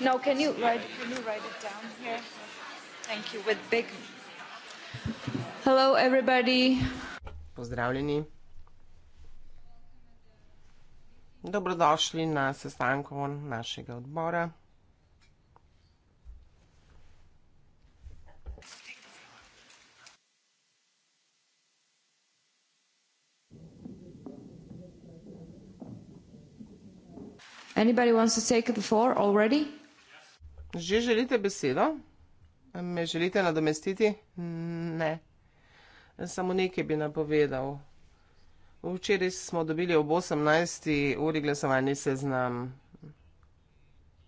Now, can you write, can you write it down here? Thank you, with big. Hello, everybody. Pozdravljeni. Dobrodošli na sestanku našega odbora. Anybody wants to take the floor already? Že želite besedo? Me želite nadomestiti? Ne. Samo nekaj bi napovedal. Včeraj smo dobili ob 18. uri glasovanje seznam.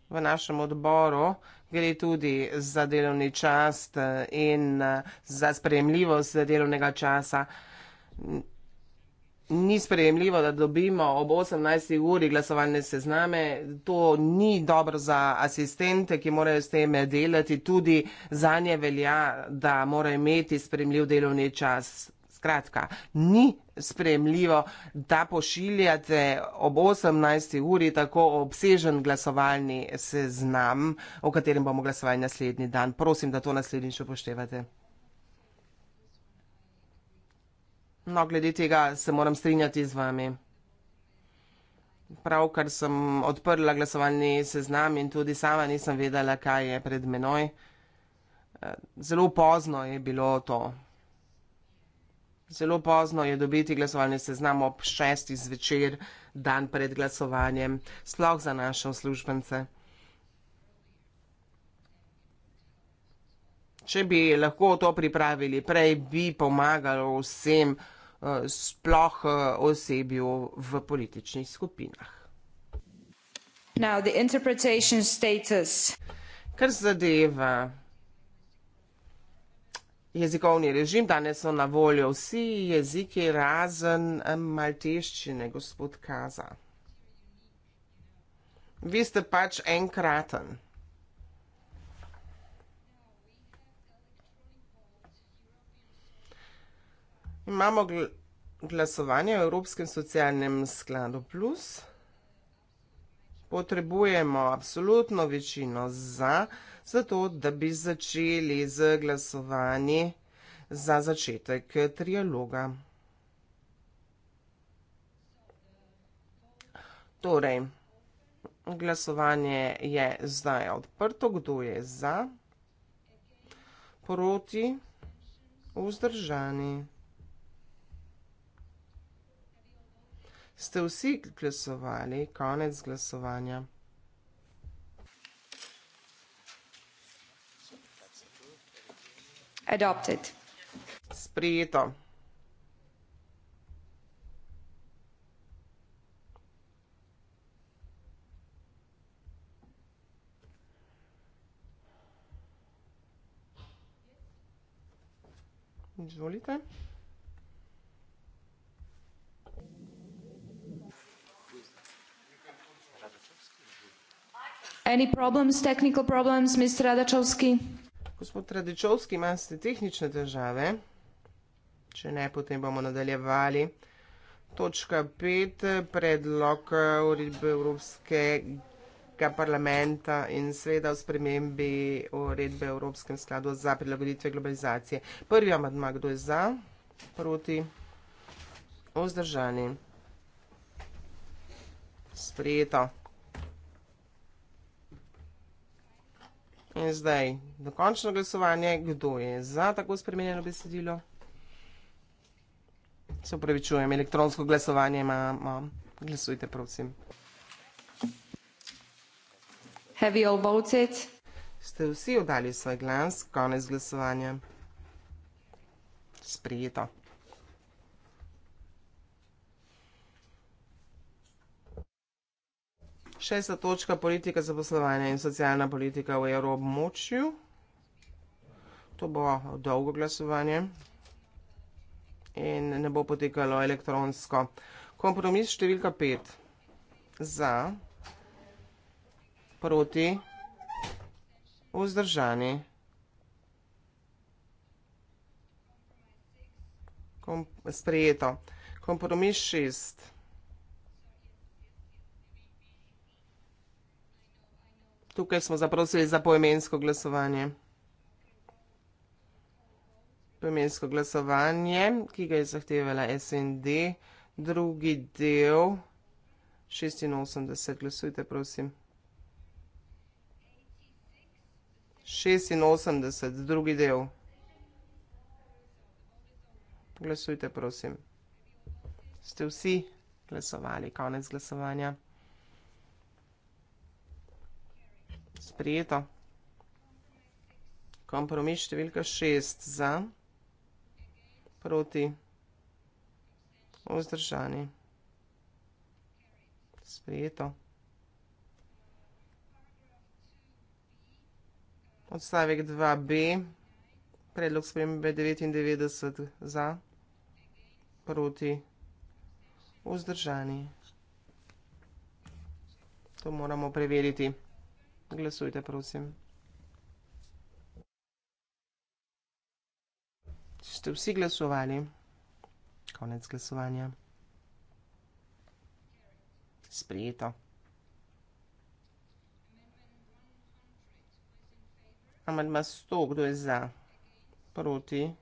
V našem odboru gre tudi za delovni čast in eh, za spremljivost delovnega časa ni sprejemljivo, da dobimo ob 18. uri glasovalne sezname. To ni dobro za asistente, ki morajo s tem delati. Tudi za nje velja, da morajo imeti sprejemljiv delovni čas. Skratka, ni sprejemljivo, da pošiljate ob 18. uri tako obsežen glasovalni seznam, o katerem bomo glasovali naslednji dan. Prosim, da to naslednjič upoštevate. No, glede tega se moram strinjati z vami. Prav, kar sem odprla glasovalni seznam in tudi sama nisem vedela, kaj je pred menoj. Zelo pozno je bilo to. Zelo pozno je dobiti glasovalni seznam ob šesti zvečer, dan pred glasovanjem, sploh za naše uslužbence. Če bi lahko to pripravili prej, bi pomagalo vsem, Eh, sploh eh, osebju v političnih skupinah. Now, Kar zadeva jezikovni režim, danes so na voljo vsi jeziki razen eh, malteščine, gospod Kaza. Vi ste pač enkraten. Imamo gl glasovanje v Evropskem socialnem skladu plus. Potrebujemo absolutno večino za, zato da bi začeli z glasovanji za začetek trialoga. Torej, glasovanje je zdaj odprto. Kdo je za? Proti? Vzdržani? Ste vsi glasovali, konec glasovanja. Adopted. Sprijeto. Izvolite. Any problems, technical problems, Mr. Radačovski? Gospod Radičovski, imate tehnične težave? Če ne, potem bomo nadaljevali. Točka 5, predlog uh, uredbe Evropskega parlamenta in sveda o spremembi uredbe Evropskem skladu za prilagoditve globalizacije. Prvi amadma, kdo je za, proti, ozdržani. Sprijeto. In zdaj, dokončno glasovanje, kdo je za tako spremenjeno besedilo? Se upravičujem, elektronsko glasovanje imamo. Glasujte, prosim. Have you all voted? Ste vsi oddali svoj glas, konec glasovanja. Sprijeto. Šesta točka, politika za poslovanje in socialna politika v evroobmočju. To bo dolgo glasovanje in ne bo potekalo elektronsko. Kompromis številka pet. Za, proti, vzdržani. Kom sprejeto. Kompromis šest. Tukaj smo zaprosili za poimensko glasovanje. Poimensko glasovanje, ki ga je zahtevala SND, drugi del 86, glasujte prosim. 86, drugi del. Glasujte prosim. Ste vsi glasovali, konec glasovanja. Sprijeto. Kompromis številka šest za, proti, vzdržani. Sprijeto. Odstavek 2b, predlog spremembe 99 za, proti, vzdržani. To moramo preveriti. Glasujte, prosim. Ste vsi glasovali? Konec glasovanja. Sprijeto. Amadma 100, kdo je za? Proti?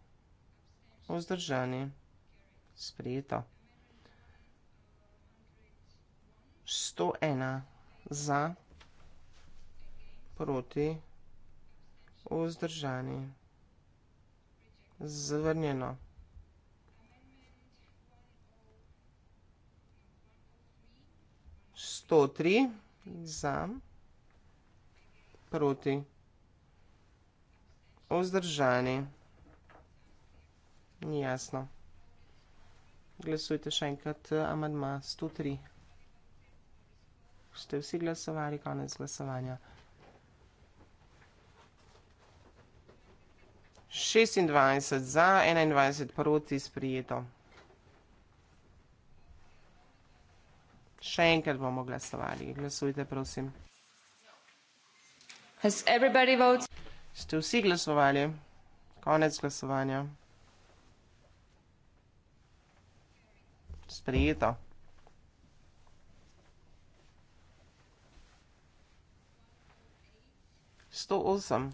Ozdržani? Sprijeto. 101 za? Sprijeto proti vzdržani. Zavrnjeno. Sto tri za proti vzdržani. Ni jasno. Glasujte še enkrat eh, amadma sto tri. Ste vsi glasovali, konec glasovanja. 26 za, 21 proti sprijeto. Še enkrat bomo glasovali. Glasujte, prosim. Ste vsi glasovali? Konec glasovanja. Sprijeto. Sto osem.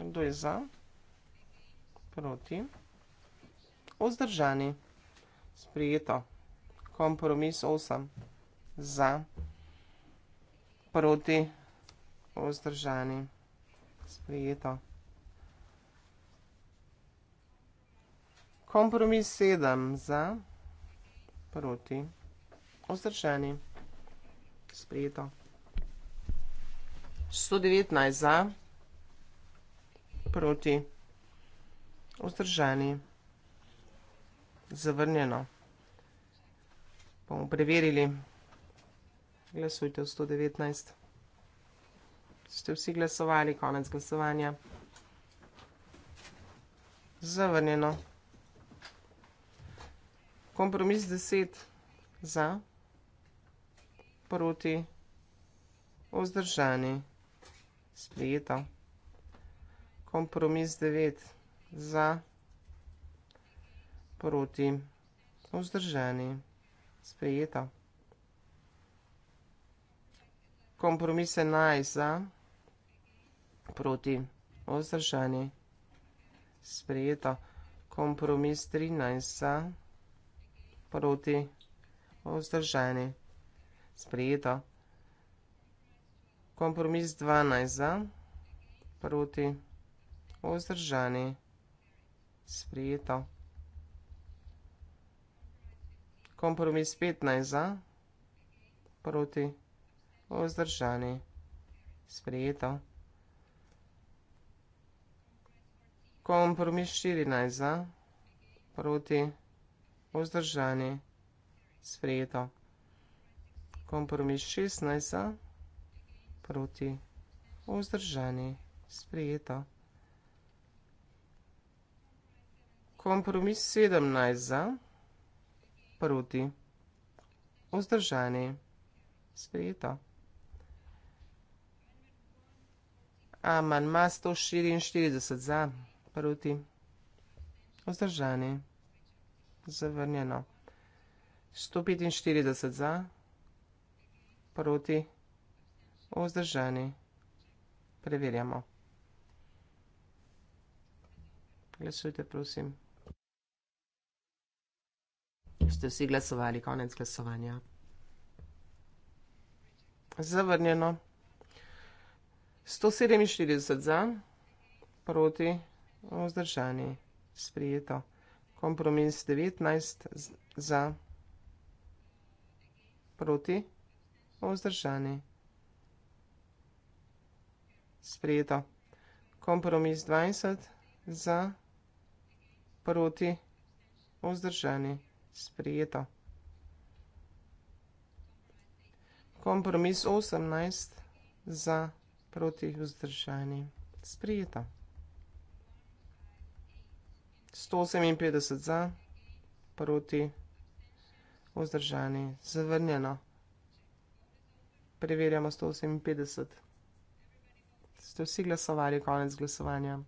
Kdo je za? proti, vzdržani, sprijeto, kompromis 8, za, proti, vzdržani, sprijeto, kompromis 7, za, proti, vzdržani, sprijeto, 119 za, proti, vzdržani, sprijeto, vzdrženi. Zavrnjeno. Bomo preverili. Glasujte v 119. Ste vsi glasovali, konec glasovanja. Zavrnjeno. Kompromis 10 za, proti, vzdržani, sprijeto. Kompromis 9 za za, proti, vzdrženi, sprejeta. Kompromise naj za, proti, vzdrženi, sprejeta. Kompromis 13 za, proti, vzdrženi, sprejeta. Kompromis 12 za, proti, vzdrženi, sprejeta. Sprejeto. Kompromis petnajst za. Proti. Vzdržani. Sprejeto. Kompromis štirinajst za. Proti. Vzdržani. Sprejeto. Kompromis šestnajst za. Proti. Vzdržani. Sprejeto. kompromis 17 za, proti, vzdržani, sprejeto. Amanma 144 za, proti, vzdržani, zavrnjeno. 145 za, proti, vzdržani, preverjamo. Glasujte, prosim ste vsi glasovali, konec glasovanja. Zavrnjeno. 147 za, proti, vzdržani, sprijeto. Kompromis 19 za, proti, vzdržani, sprijeto. Kompromis 20 za, proti, vzdržani sprijeta. Kompromis 18 za proti vzdržanji sprijeta. 158 za proti vzdržanji zavrnjeno. Preverjamo 158. Ste vsi glasovali konec glasovanja?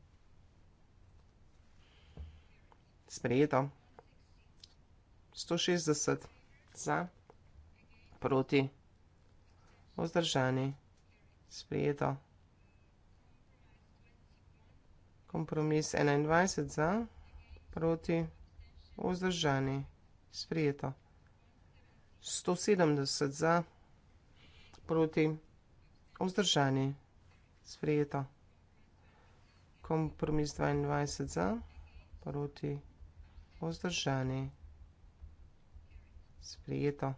Sprejeto. 160 za, proti, vzdržani, sprijeto. Kompromis 21 za, proti, vzdržani, sprijeto. 170 za, proti, vzdržani, sprijeto. Kompromis 22 za, proti, vzdržani, sprijeto sprijeto.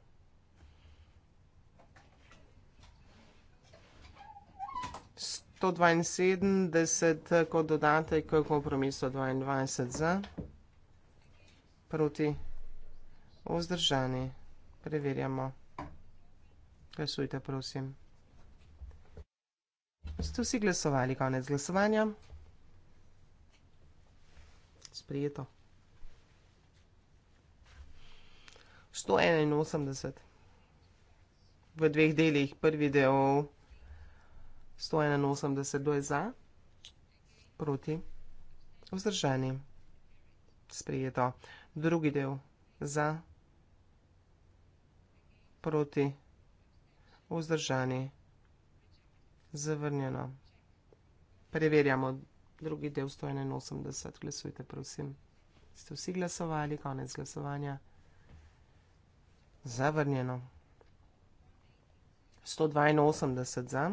To 72, ko dodate, ko je kompromiso 22 za, proti vzdržani, preverjamo. Glasujte, prosim. Ste vsi glasovali, konec glasovanja. Sprijeto. 181. V dveh delih, prvi del 181, kdo je za, proti, vzdržani, sprijeto. Drugi del za, proti, vzdržani, zavrnjeno. Preverjamo drugi del 181, glasujte, prosim. Ste vsi glasovali, konec glasovanja. Zavrnjeno. Sto dvainosemdeset za.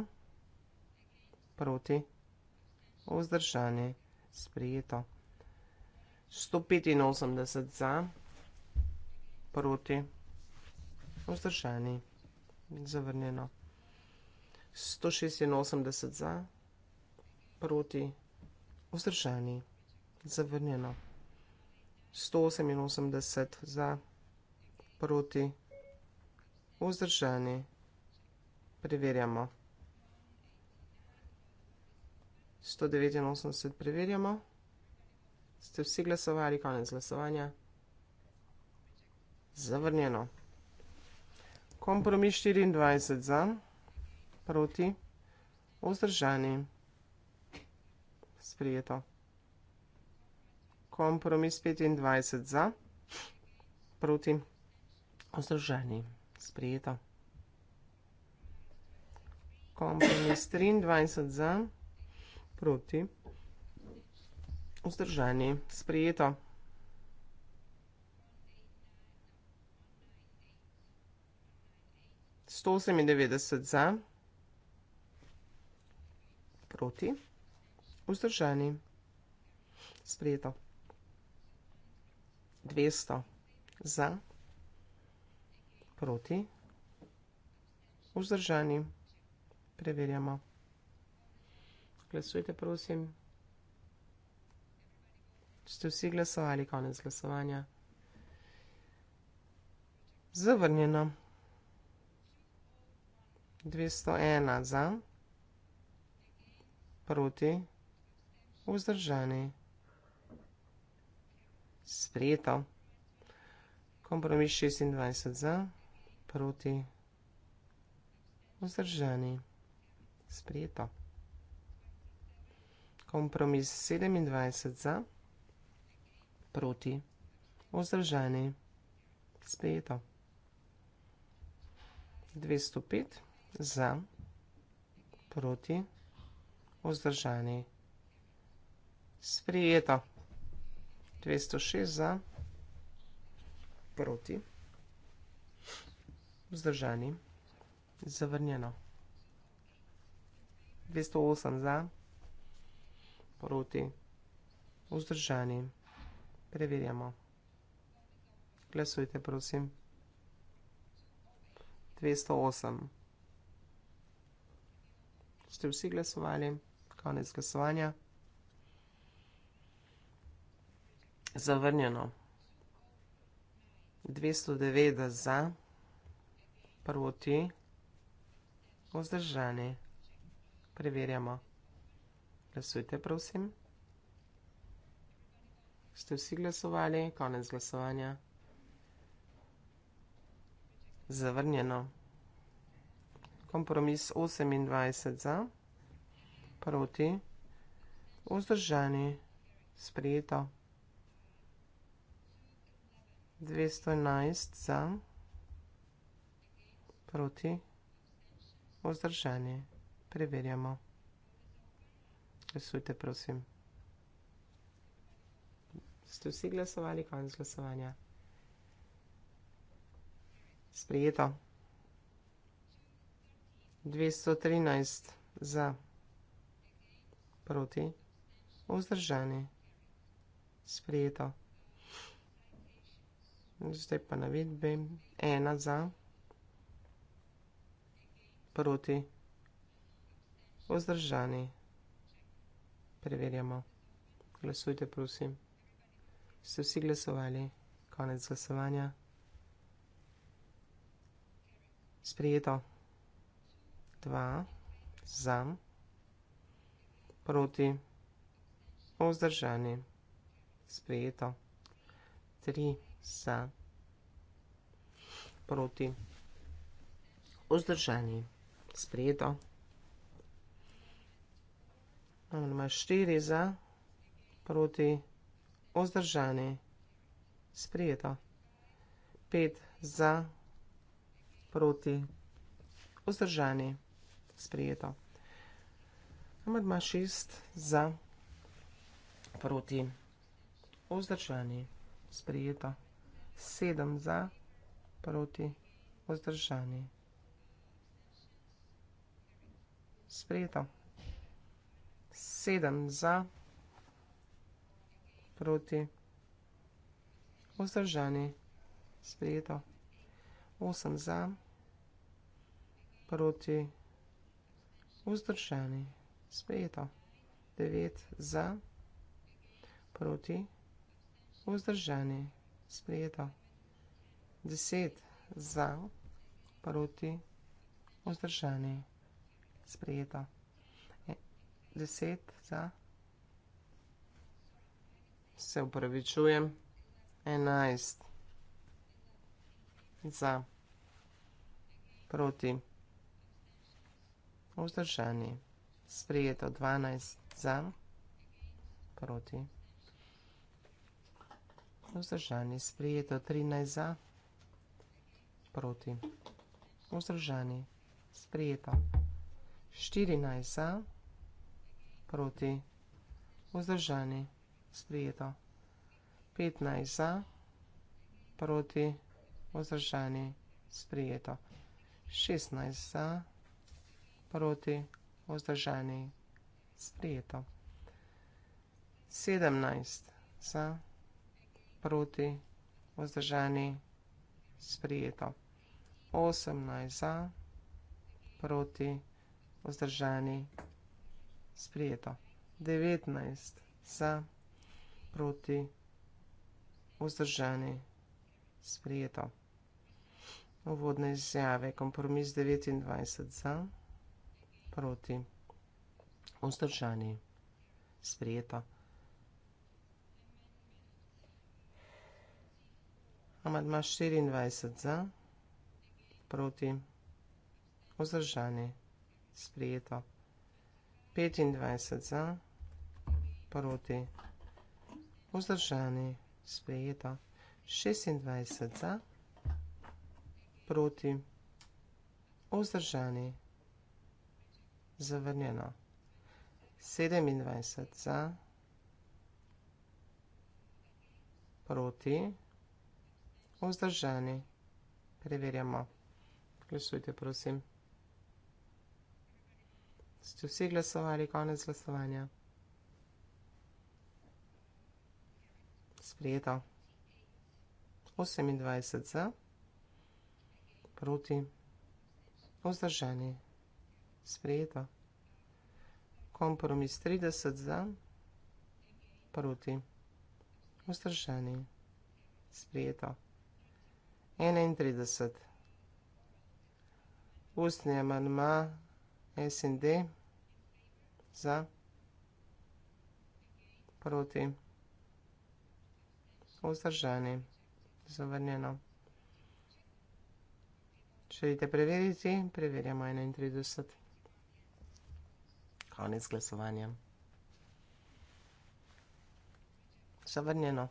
Proti. Vzdržani. Sprejeto. Sto petinosemdeset za. Proti. Vzdržani. Zavrnjeno. Sto šestinosemdeset za. Proti. Vzdržani. Zavrnjeno. Sto oseminosemdeset za. Proti proti, vzdržani, preverjamo. 189 preverjamo. Ste vsi glasovali, konec glasovanja? Zavrnjeno. Kompromis 24 za, proti, vzdržani, sprijeto. Kompromis 25 za, proti, vzdržani vzdrženi, sprijeta. Kompromis 23 za, proti, vzdrženi, sprijeta. Sto osemindevetdeset za, proti, vzdrženi, sprijeto. Dvesto za proti, vzdržani, preverjamo. Glasujte, prosim. Ste vsi glasovali, konec glasovanja? Zavrnjeno. 201 za, proti, vzdržani, sprejeto. Kompromis 26 za proti, vzdržani, sprijeto. Kompromis 27 za, proti, vzdržani, sprijeto. 205 za, proti, vzdržani, sprijeto. 206 za, proti, vzdržani vzdržani. Zavrnjeno. 208 za, proti, vzdržani. Preverjamo. Glasujte, prosim. 208. Ste vsi glasovali? Konec glasovanja. Zavrnjeno. 209 za, proti, vzdržani proti, vzdržani. Preverjamo. Glasujte, prosim. Ste vsi glasovali? Konec glasovanja. Zavrnjeno. Kompromis 28 za, proti, vzdržani, sprejeto. 211 za proti, vzdržanje. Preverjamo. Glasujte, prosim. Ste vsi glasovali, konec glasovanja? Sprijeto. 213 za, proti, vzdržani. Sprijeto. Zdaj pa navidbi. Ena za proti, vzdržani. Preverjamo. Glasujte, prosim. Ste vsi glasovali? Konec glasovanja. Sprijeto. Dva, za, proti, vzdržani. Sprijeto. Tri, za, proti, vzdržani spredo. Imamo štiri za, proti, ozdržani, spredo. Pet za, proti, ozdržani, spredo. Imamo šest za, proti, ozdržani, spredo. Sedem za, proti, ozdržani, spredo. sprejeto. Sedem za, proti, vzdržani, sprejeto. Osem za, proti, vzdržani, sprejeto. Devet za, proti, vzdržani, sprejeto. Deset za, proti, vzdržani, sprejeto sprejeta. 10 e, za. Se upravičujem. 11 za. Proti. Vzdržani. Sprejeto 12 za. Proti. Vzdržani. Sprejeto 13 za. Proti. Vzdržani. Sprejeto. Sprejeto. 14 za, proti, vzdržani, sprijeto. 15 za, proti, vzdržani, sprijeto. 16 za, proti, vzdržani, sprijeto. 17 za, proti, vzdržani, sprijeto. 18 za, proti, vzdržani, sprijeto vzdržani, sprijeto. 19 za, proti, vzdržani, sprijeto. Uvodne izjave, kompromis 29 za, proti, vzdržani, sprijeto. Amadma 24 za, proti, vzdržani, sprijeto sprijeto. 25 za, proti, vzdržani, sprijeto. 26 za, proti, vzdržani, zavrnjeno. 27 za, proti, vzdržani, preverjamo. Glesujte, prosim. Ste vsi glasovali, konec glasovanja. Sprijeto. 28 za, proti, vzdržani. Sprijeto. Kompromis 30 za, proti, vzdržani. Sprijeto. 31. Ustni amanma. SND za proti vzdržani zavrnjeno. Želite preveriti? Preverjamo 31. Konec glasovanja. Zavrnjeno.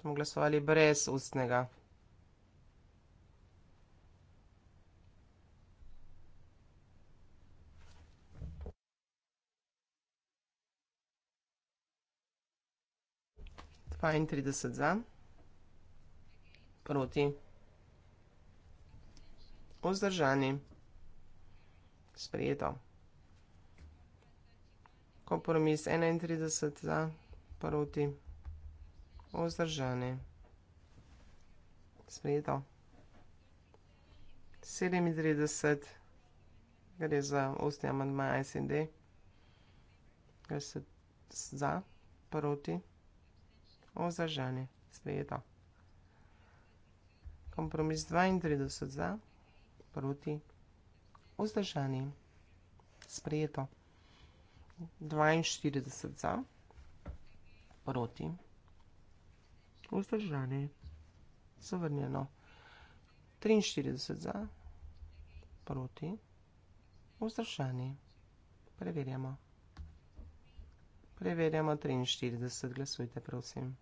Smo glasovali brez ustnega. 32 za, proti, vzdržani, sprejeto. Kompromis 31 za, proti, vzdržani, sprejeto. 37 gre za ostne amandmaje SND, gre se za, proti, vzdržani o zažene sprejeto. Kompromis 32 za, proti, vzdržani, sprejeto. 42 za, proti, vzdržani, zavrnjeno. 43 za, proti, vzdržani, preverjamo. Preverjamo 43, glasujte prosim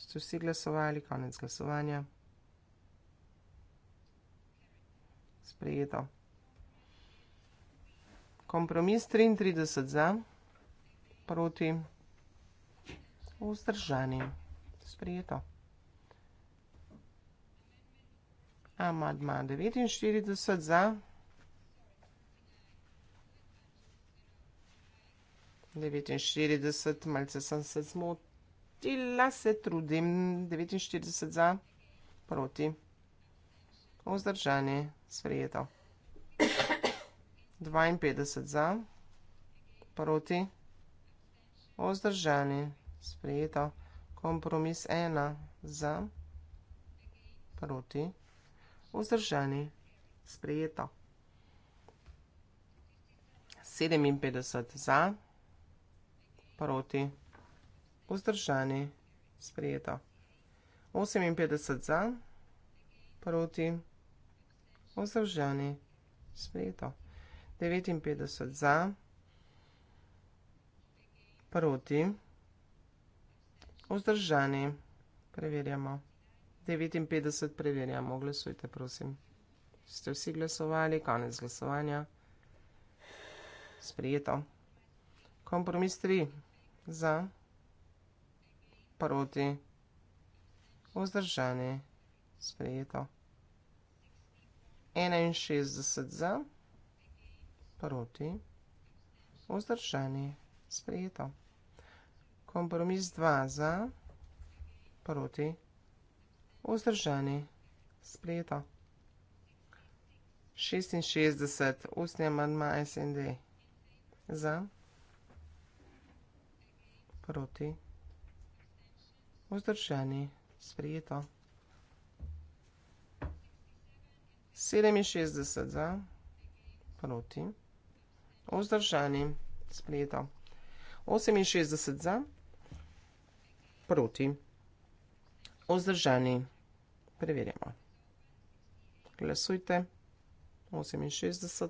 ste vsi glasovali, konec glasovanja. Sprejeto. Kompromis 33 za, proti, vzdržani. Sprejeto. Amadma 49 za, 49, malce sem se zmotil. Tila se trudim. 49 za, proti. Ozdržanje, sprejeto. 52 za, proti. Ozdržanje, sprejeto. Kompromis 1 za, proti. Ozdržanje, sprejeto. 57 za, proti vzdržani, sprijeto. 58 za, proti, vzdržani, sprijeto. 59 za, proti, vzdržani, preverjamo. 59 preverjamo, glasujte, prosim. Ste vsi glasovali, konec glasovanja, sprijeto. Kompromis 3 za, proti, vzdržani, sprijeto. Proti. Vzdržani. Sprejeto. 61 za. Proti. Vzdržani. Sprejeto. Kompromis 2 za. Proti. Vzdržani. Sprejeto. 66. Ustni amandma SND. Za. Proti. Proti vzdržani, sprijeto. 67 za, proti, vzdržani, sprijeto. 68 za, proti, vzdržani, preverjamo. Glasujte, 68,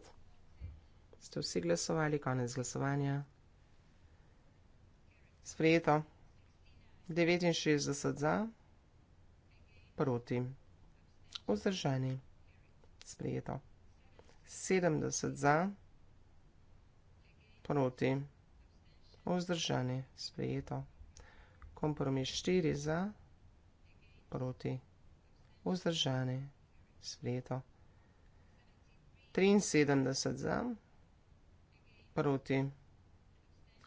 ste vsi glasovali, konec glasovanja. Sprijeto. 69 za, proti, vzdržani, sprijeto. 70 za, proti, vzdržani, sprijeto. Kompromis 4 za, proti, vzdržani, sprijeto. 73 za, proti,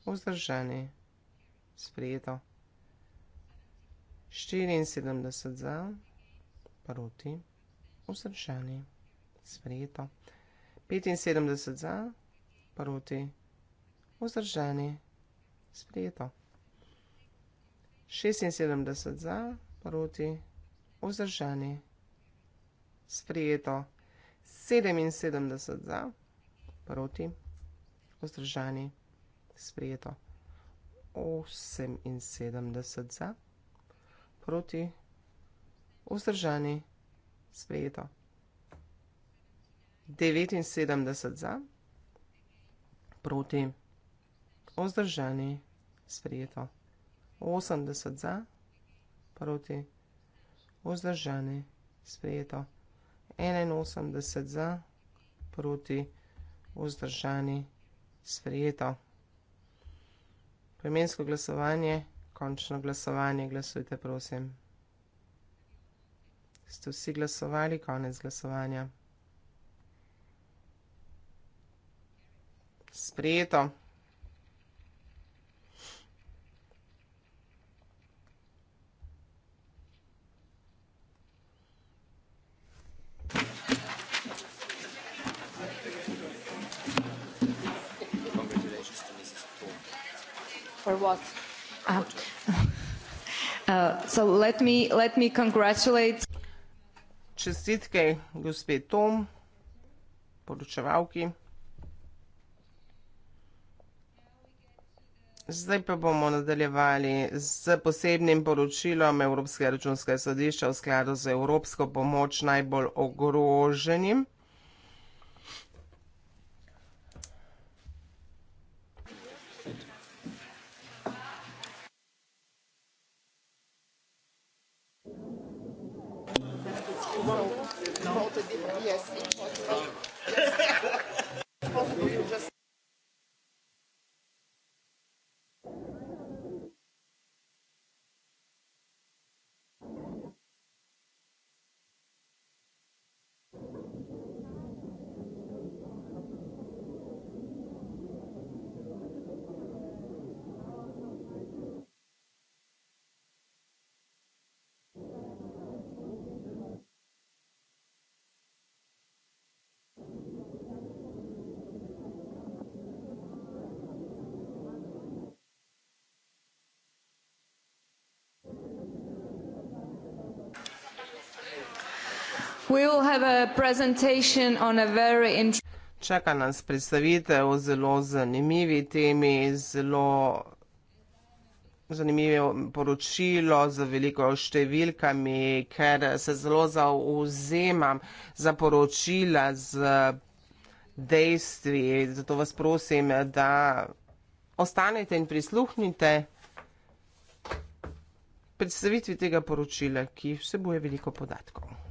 vzdržani, sprijeto. 74 za, proti, vzdržani, sprejeto. 75 za, proti, vzdržani, sprejeto. 76 za, proti, vzdržani, sprejeto. 77 za, proti, vzdržani, sprejeto. 78 za, proti, vzdržani, sprejeto proti vzdržani sprejeto. 79 za, proti vzdržani sprejeto. 80 za, proti vzdržani sprejeto. 81 za, proti vzdržani sprejeto. Premensko glasovanje končno glasovanje, glasujte, prosim. Ste vsi glasovali, konec glasovanja. Sprejeto. For what? Ah. Uh, so let me let me congratulate čestitke gospe Tom poročevalki Zdaj pa bomo nadaljevali z posebnim poročilom Evropske računske sodišče v skladu z Evropsko pomoč najbolj ogroženim. 的 DSE。Čaka nas predstavitev o zelo zanimivi temi, zelo zanimivo poročilo z veliko številkami, ker se zelo zauzemam za poročila z dejstvi. Zato vas prosim, da ostanete in prisluhnite predstavitvi tega poročila, ki vsebuje veliko podatkov.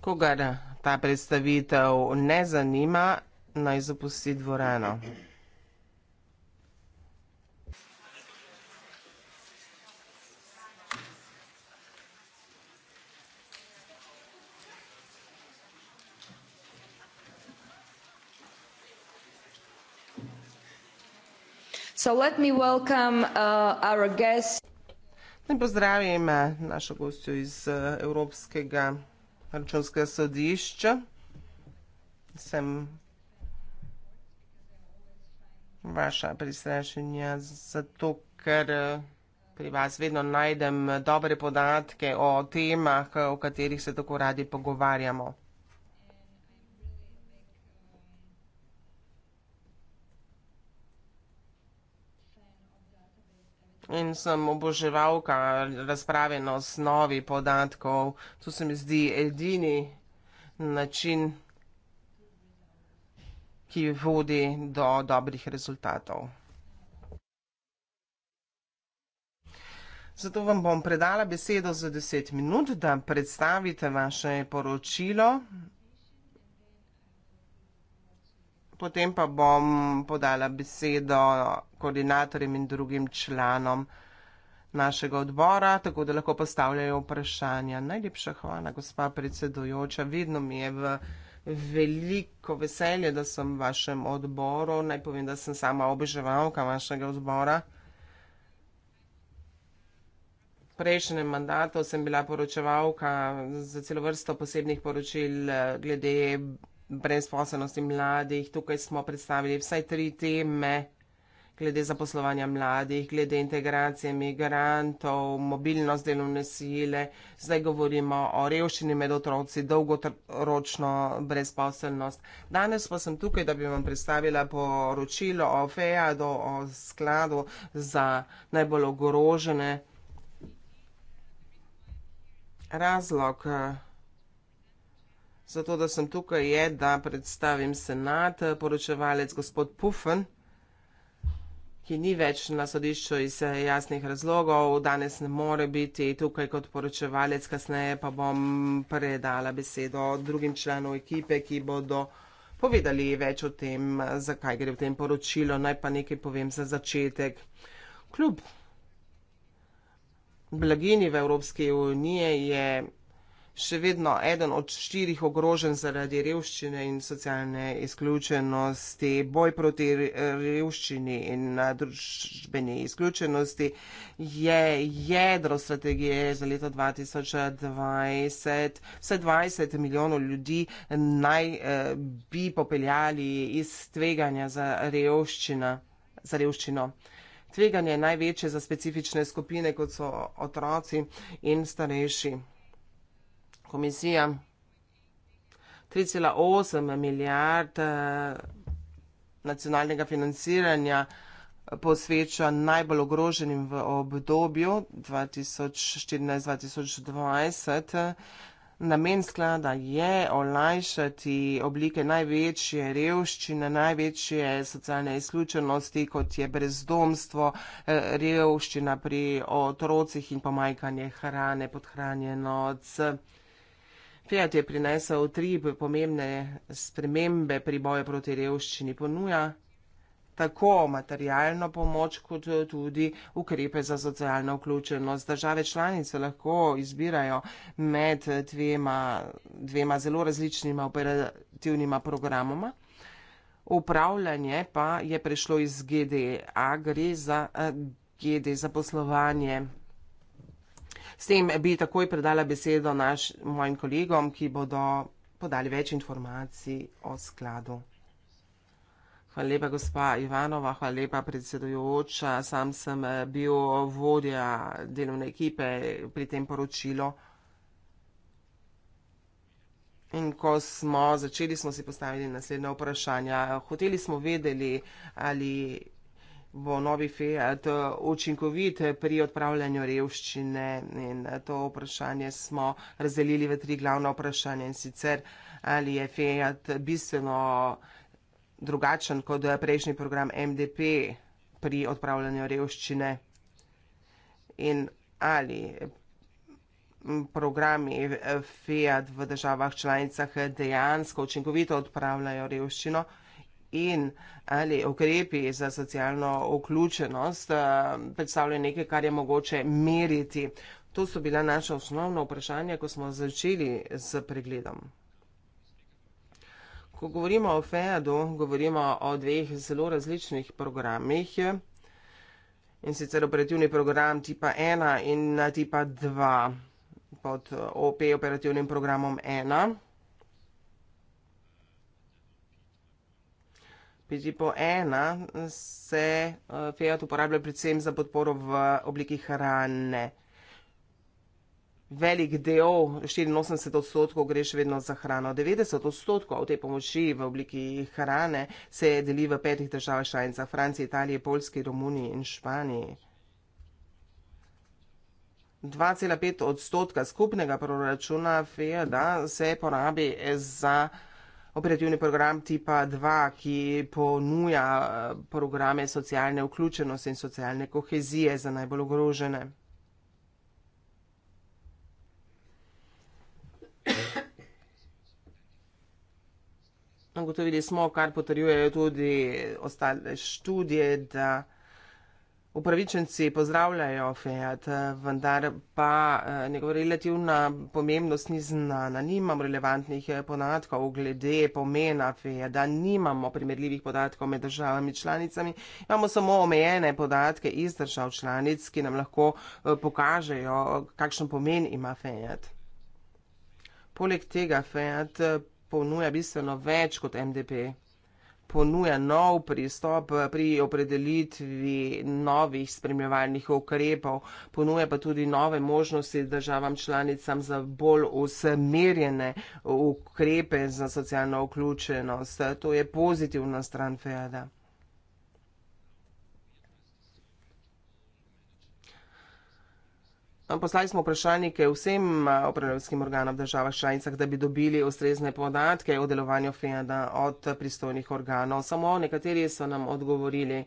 Kogar ta predstavitev ne zanima, naj zapusti dvorano. So let me welcome uh, our guest. Pozdravljam eh, našo gostjo iz eh, Evropskega računskega sodišča. Sem vaša prisrešenja zato, ker eh, pri vas vedno najdem dobre podatke o temah, o katerih se tako radi pogovarjamo. in sem oboževalka razprave na osnovi podatkov. To se mi zdi edini način, ki vodi do dobrih rezultatov. Zato vam bom predala besedo za deset minut, da predstavite vaše poročilo Potem pa bom podala besedo koordinatorjem in drugim članom našega odbora, tako da lahko postavljajo vprašanja. Najlepša hvala, gospa predsedujoča. Vedno mi je v veliko veselje, da sem v vašem odboru. Naj povem, da sem sama obiževalka vašega odbora. V prejšnjem mandatu sem bila poročevalka za celo vrsto posebnih poročil glede brezposobnosti mladih. Tukaj smo predstavili vsaj tri teme glede zaposlovanja mladih, glede integracije imigrantov, mobilnost delovne sile. Zdaj govorimo o revščini med otroci, dolgoročno brezposelnost. Danes pa sem tukaj, da bi vam predstavila poročilo o FEAD-u, o skladu za najbolj ogrožene. Razlog zato da sem tukaj, je, da predstavim senat, poročevalec gospod Pufen, ki ni več na sodišču iz eh, jasnih razlogov, danes ne more biti tukaj kot poročevalec, kasneje pa bom predala besedo drugim članom ekipe, ki bodo povedali več o tem, zakaj gre v tem poročilu. Naj pa nekaj povem za začetek. Kljub blaginji v Evropski uniji je še vedno eden od štirih ogrožen zaradi revščine in socialne izključenosti. Boj proti revščini in družbeni izključenosti je jedro strategije za leto 2020. Vse 20 milijonov ljudi naj eh, bi popeljali iz tveganja za, za revščino. Tveganje je največje za specifične skupine, kot so otroci in starejši komisija 3,8 milijard eh, nacionalnega financiranja eh, posveča najbolj ogroženim v obdobju 2014-2020. Namen sklada je olajšati oblike največje revščine, največje socialne izključenosti, kot je brezdomstvo, eh, revščina pri otrocih in pomajkanje hrane, podhranjenost. Fiat je prinesel tri pomembne spremembe pri boju proti revščini. Ponuja tako materialno pomoč, kot tudi ukrepe za socialno vključenost. Države članice lahko izbirajo med dvema, dvema zelo različnima operativnima programoma. Upravljanje pa je prišlo iz GDA, gre za eh, GD za poslovanje. S tem bi takoj predala besedo naš, mojim kolegom, ki bodo podali več informacij o skladu. Hvala lepa, gospa Ivanova, hvala lepa, predsedujoča. Sam sem eh, bil vodja delovne ekipe pri tem poročilu. In ko smo začeli, smo si postavili naslednja vprašanja. Hoteli smo vedeli, ali bo novi Fiat učinkovit pri odpravljanju revščine. In to vprašanje smo razdelili v tri glavna vprašanja in sicer, ali je Fiat bistveno drugačen kot prejšnji program MDP pri odpravljanju revščine in ali programi Fiat v državah članicah dejansko učinkovito odpravljajo revščino in ali ukrepi za socialno vključenost eh, predstavljajo nekaj, kar je mogoče meriti. To so bila naša osnovna vprašanja, ko smo začeli s pregledom. Ko govorimo o FEAD-u, govorimo o dveh zelo različnih programih in sicer operativni program tipa 1 in tipa 2 pod OP operativnim programom 1. PGP-1 se uh, Fiat uporablja predvsem za podporo v obliki hrane. Velik del, 84 odstotkov, gre še vedno za hrano. 90 odstotkov te pomoči v obliki hrane se deli v petih državah članicah Franciji, Italiji, Poljski, Romuniji in Španiji. 2,5 odstotka skupnega proračuna FEDA se porabi za uh, operativni program tipa 2, ki ponuja eh, programe socialne vključenosti in socialne kohezije za najbolj ogrožene. Gotovili smo, kar potrjujejo tudi ostale študije, da upravičenci pozdravljajo Fiat, vendar pa eh, njegova relativna pomembnost ni znana. Nimam relevantnih eh, podatkov glede pomena Fiat, da nimamo primerljivih podatkov med državami članicami. Imamo samo omejene podatke iz držav članic, ki nam lahko eh, pokažejo, kakšen pomen ima Fiat. Poleg tega Fiat ponuja bistveno več kot MDP ponuja nov pristop pri opredelitvi novih spremljevalnih ukrepov, ponuja pa tudi nove možnosti državam članicam za bolj usmerjene ukrepe za socialno vključenost. To je pozitivna stran FEADA. Poslali smo vprašalnike vsem eh, upravljavskim organom država članicah, da bi dobili ustrezne podatke o delovanju Fena od pristojnih organov. Samo nekateri so nam odgovorili.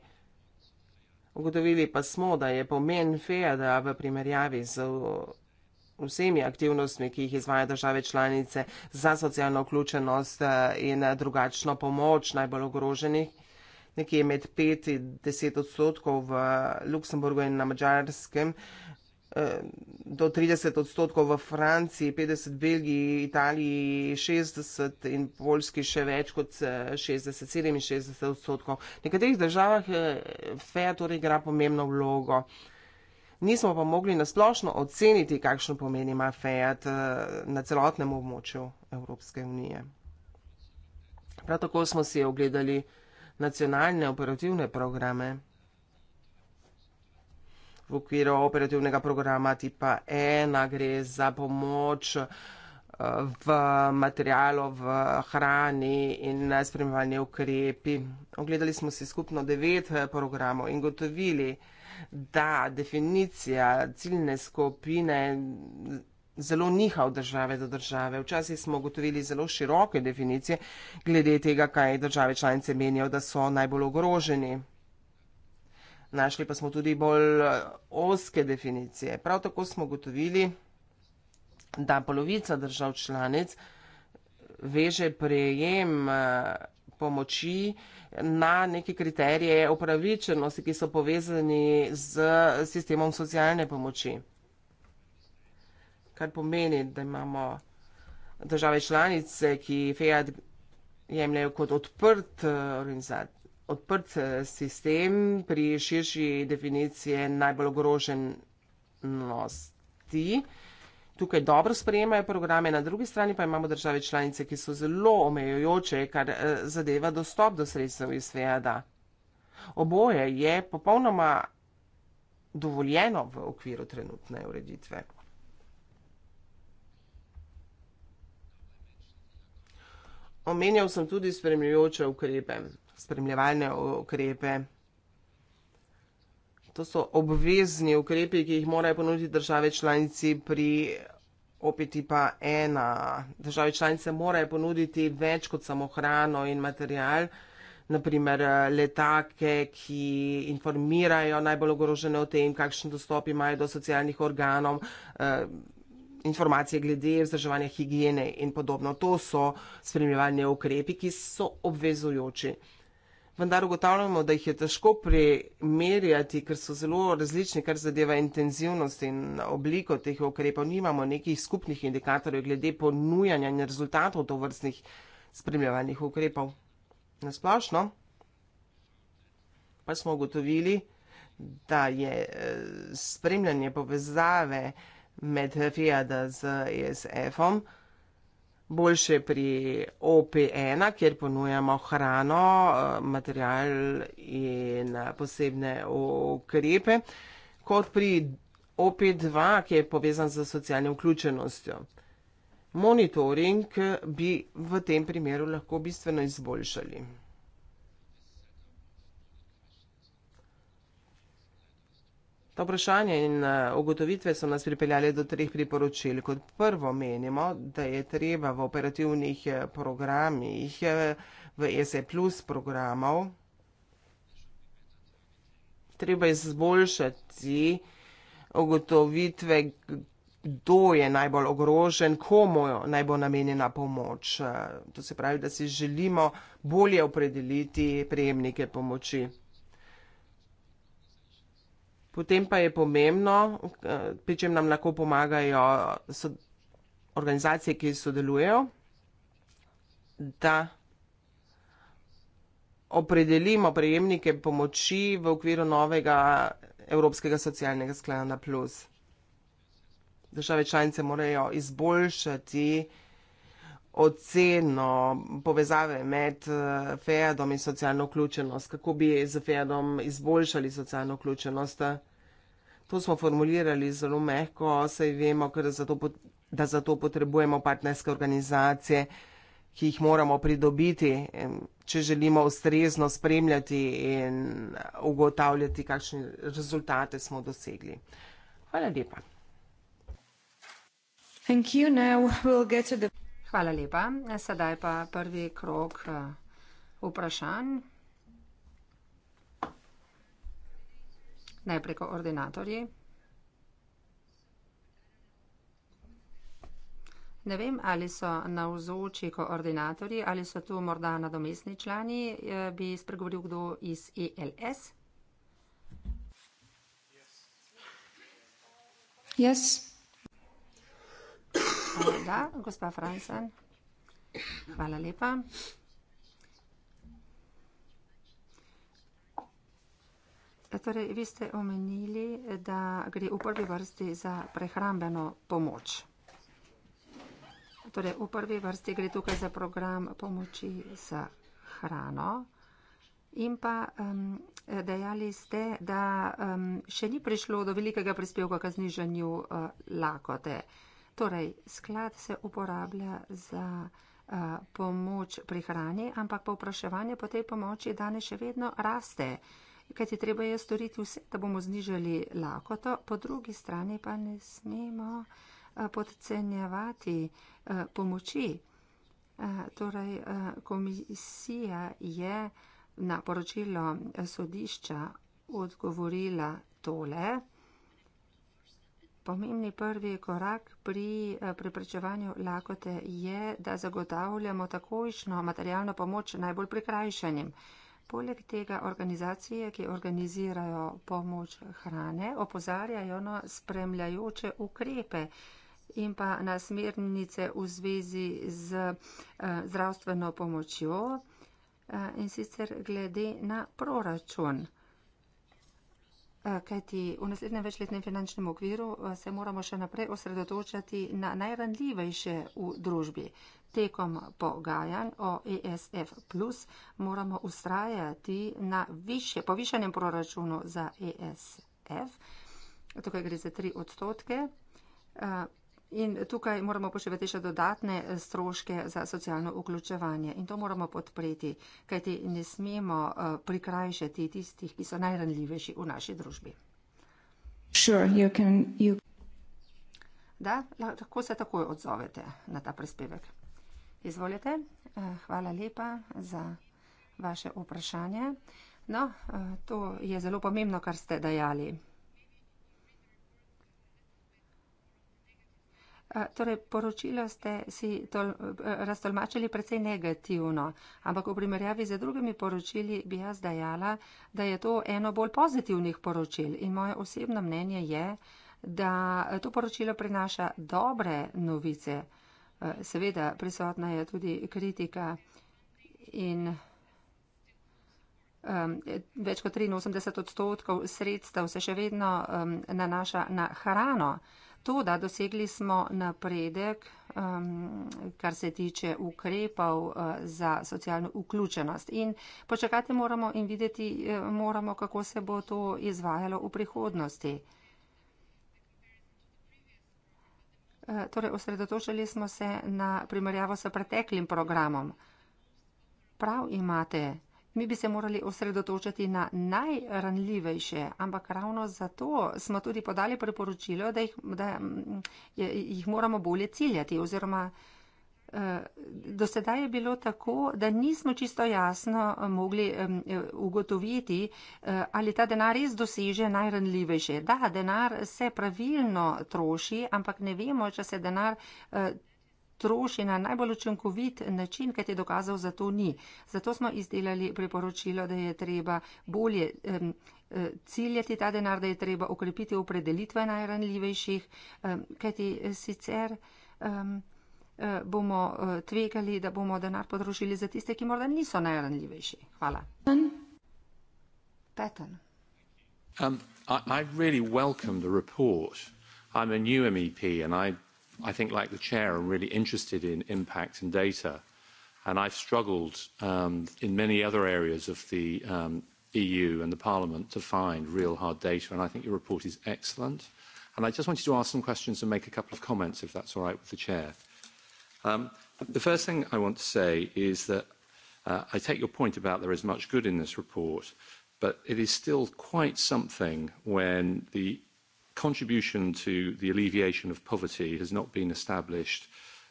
Ugotovili pa smo, da je pomen FEAD-a v primerjavi z vsemi aktivnostmi, ki jih izvaja države članice za socialno vključenost eh, in drugačno pomoč najbolj ogroženih, nekje med 5 in 10 odstotkov v Luksemburgu in na Mačarskem, Eh, do 30 odstotkov v Franciji, 50 v Belgiji, Italiji, 60 in Poljski še več kot 60, eh, 67 odstotkov. V nekaterih državah eh, feja torej igra pomembno vlogo. Nismo pa mogli nasplošno oceniti, kakšno pomeni ima fejat na celotnem območju Evropske unije. Prav tako smo si ogledali nacionalne operativne programe v okviru operativnega programa tipa 1 gre za pomoč eh, v materialu, v hrani in spremljanje ukrepi. Ogledali smo si skupno devet eh, programov in gotovili, da definicija ciljne skupine zelo niha od države do države. Včasih smo gotovili zelo široke definicije glede tega, kaj države članice menijo, da so najbolj ogroženi. Našli pa smo tudi bolj eh, oske definicije. Prav tako smo gotovili, da polovica držav članic eh, veže prejem eh, pomoči na neke kriterije upravičenosti, ki so povezani z sistemom socialne pomoči. Kar pomeni, da imamo države članice, ki FEAD jemljajo kot odprt organizat, odprt eh, sistem pri širši definiciji najbolj ogroženosti. Tukaj dobro sprejemajo programe, na drugi strani pa imamo države članice, ki so zelo omejujoče, kar eh, zadeva dostop do sredstev iz FEAD-a. Oboje je popolnoma dovoljeno v okviru trenutne ureditve. Omenjal sem tudi spremljajoče ukrepe spremljevalne ukrepe. To so obvezni ukrepi, ki jih morajo ponuditi države članici pri opetipa ena. Države članice morajo ponuditi več kot samo hrano in material, naprimer letake, ki informirajo najbolj ogrožene o tem, kakšen dostop imajo do socialnih organov, eh, informacije glede vzdrževanja higiene in podobno. To so spremljevalne ukrepi, ki so obvezujoči vendar ugotavljamo, da jih je težko primerjati, ker so zelo različni, kar zadeva intenzivnost in obliko teh ukrepov. Nimamo nekih skupnih indikatorjev glede ponujanja in rezultatov to vrstnih spremljevalnih ukrepov. Nasplošno pa smo ugotovili, da je eh, spremljanje povezave med FIAD z ESF-om boljše pri OP1, kjer ponujamo hrano, eh, material in eh, posebne ukrepe, kot pri OP2, ki je povezan z socialno vključenostjo. Monitoring bi v tem primeru lahko bistveno izboljšali. To vprašanje in eh, ugotovitve so nas pripeljali do treh priporočil. Kot prvo menimo, da je treba v operativnih eh, programih, eh, v ESE e plus programov, treba izboljšati ugotovitve, kdo je najbolj ogrožen, komu je najbolj namenjena pomoč. To se pravi, da si želimo bolje opredeliti prejemnike pomoči. Potem pa je pomembno, pri čem nam lahko pomagajo organizacije, ki sodelujejo, da opredelimo prejemnike pomoči v okviru novega Evropskega socialnega sklada plus. Države članice morajo izboljšati oceno povezave med eh, FEAD-om in socialno vključenost, kako bi z FEAD-om izboljšali socialno vključenost. To smo formulirali zelo mehko, saj vemo, zato, da za to potrebujemo partnerske organizacije, ki jih moramo pridobiti, če želimo ustrezno spremljati in ugotavljati, kakšne rezultate smo dosegli. Hvala lepa. Thank you. Now we'll get to the Hvala lepa. Sedaj pa prvi krok eh, vprašanj. Najprej ko ordinatorji. Ne vem, ali so navzoči koordinatorji, ali so tu morda nadomestni člani, eh, bi spregovoril kdo iz ELS. Yes. Yes. Da, gospa Fransen. Hvala lepa. Torej, vi ste omenili, da gre v prvi vrsti za prehrambeno pomoč. Torej, v prvi vrsti gre tukaj za program pomoči s hrano. In pa um, dejali ste, da um, še ni prišlo do velikega prispevka k znižanju uh, lakote. Uh, Torej, sklad se uporablja za uh, pomoč pri hrani, ampak povpraševanje po tej pomoči danes še vedno raste, kajti treba je storiti vse, da bomo znižali lakoto, po drugi strani pa ne smemo uh, podcenjevati uh, pomoči. Uh, torej, uh, komisija je na poročilo sodišča odgovorila tole. Pomembni prvi korak pri eh, preprečevanju lakote je, da zagotavljamo takojšno materialno pomoč najbolj prikrajšanim. Poleg tega organizacije, ki organizirajo pomoč hrane, opozarjajo na spremljajoče ukrepe in pa na smernice v zvezi z eh, zdravstveno pomočjo eh, in sicer glede na proračun. Eh, kajti v naslednjem večletnem finančnem okviru eh, se moramo še naprej osredotočati na najranljivejše v družbi. Tekom pogajanj o ESF plus moramo ustrajati na više, povišanjem proračunu za ESF. Tukaj gre za tri odstotke. Eh, In tukaj moramo poševati še dodatne stroške za socialno vključevanje. In to moramo podpreti, kajti ne smemo eh, prikrajšati tistih, ki so najranljivejši v naši družbi. Sure, you can, you... Da, lahko se takoj odzovete na ta prispevek. Izvolite. Eh, hvala lepa za vaše vprašanje. No, eh, to je zelo pomembno, kar ste dejali. Torej, poročilo ste si tol, eh, raztolmačili precej negativno, ampak v primerjavi z drugimi poročili bi jaz dajala, da je to eno bolj pozitivnih poročil. In moje osebno mnenje je, da to poročilo prinaša dobre novice. Eh, seveda, prisotna je tudi kritika in um, več kot 83 odstotkov sredstev se še vedno um, nanaša na hrano. Uh, To, da dosegli smo napredek, um, kar se tiče ukrepov uh, za socialno vključenost. In počakati moramo in videti, uh, moramo, kako se bo to izvajalo v prihodnosti. Eh, torej, osredotočili smo se na primerjavo s preteklim programom. Prav imate, Mi bi se morali osredotočiti na najranljivejše, ampak ravno zato smo tudi podali priporočilo, da jih, da mm, jih moramo bolje ciljati. Oziroma, eh, do sedaj je bilo tako, da nismo čisto jasno eh, mogli eh, ugotoviti, ali ta denar res doseže najranljivejše. Da, denar se pravilno troši, ampak ne vemo, če se denar troši na najbolj učinkovit način, kaj te dokazal za to ni. Zato smo izdelali priporočilo, da je treba bolje um, ciljati ta denar, da je treba okrepiti opredelitve najranljivejših, um, kaj ti eh, sicer. Um, bomo tvegali, da bomo denar podrožili za tiste, ki morda niso najranljivejši. Hvala. Peten. Um, I, I really welcome the report. I'm a new MEP and I I think, like the chair, I'm really interested in impact and data. And I've struggled um, in many other areas of the um, EU and the Parliament to find real hard data. And I think your report is excellent. And I just wanted to ask some questions and make a couple of comments, if that's all right with the chair. Um, the first thing I want to say is that uh, I take your point about there is much good in this report, but it is still quite something when the contribution to the alleviation of poverty has not been established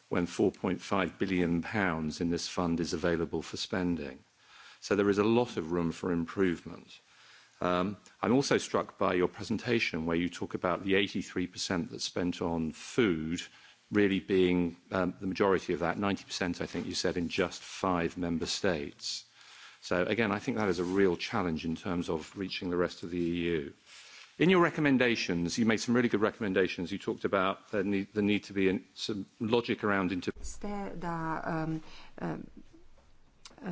when £4.5 billion in this fund is available for spending. So there is a lot of room for improvement. Um, I'm also struck by your presentation where you talk about the 83% that's spent on food really being um, the majority of that, 90%, I think you said, in just five member states. So again, I think that is a real challenge in terms of reaching the rest of the EU. In your recommendations, you made some really good recommendations. You talked about the need, the need to be in some logic around into. Ste, da, um, um, uh,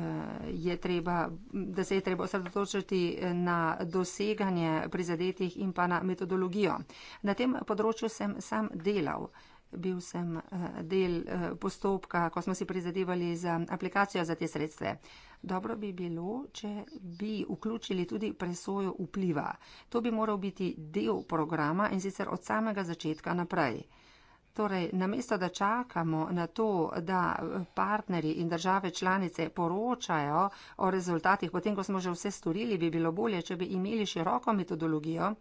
je treba, da se je treba osredotočiti na doseganje prizadetih in pa na metodologijo. Na tem področju sem sam delal. Bil sem uh, del uh, postopka, ko smo si prizadevali za aplikacijo za te sredstve. Dobro bi bilo, če bi vključili tudi presojo vpliva. To bi moral biti del programa in sicer od samega začetka naprej. Torej, namesto da čakamo na to, da partnerji in države članice poročajo o rezultatih, potem ko smo že vse storili, bi bilo bolje, če bi imeli široko metodologijo,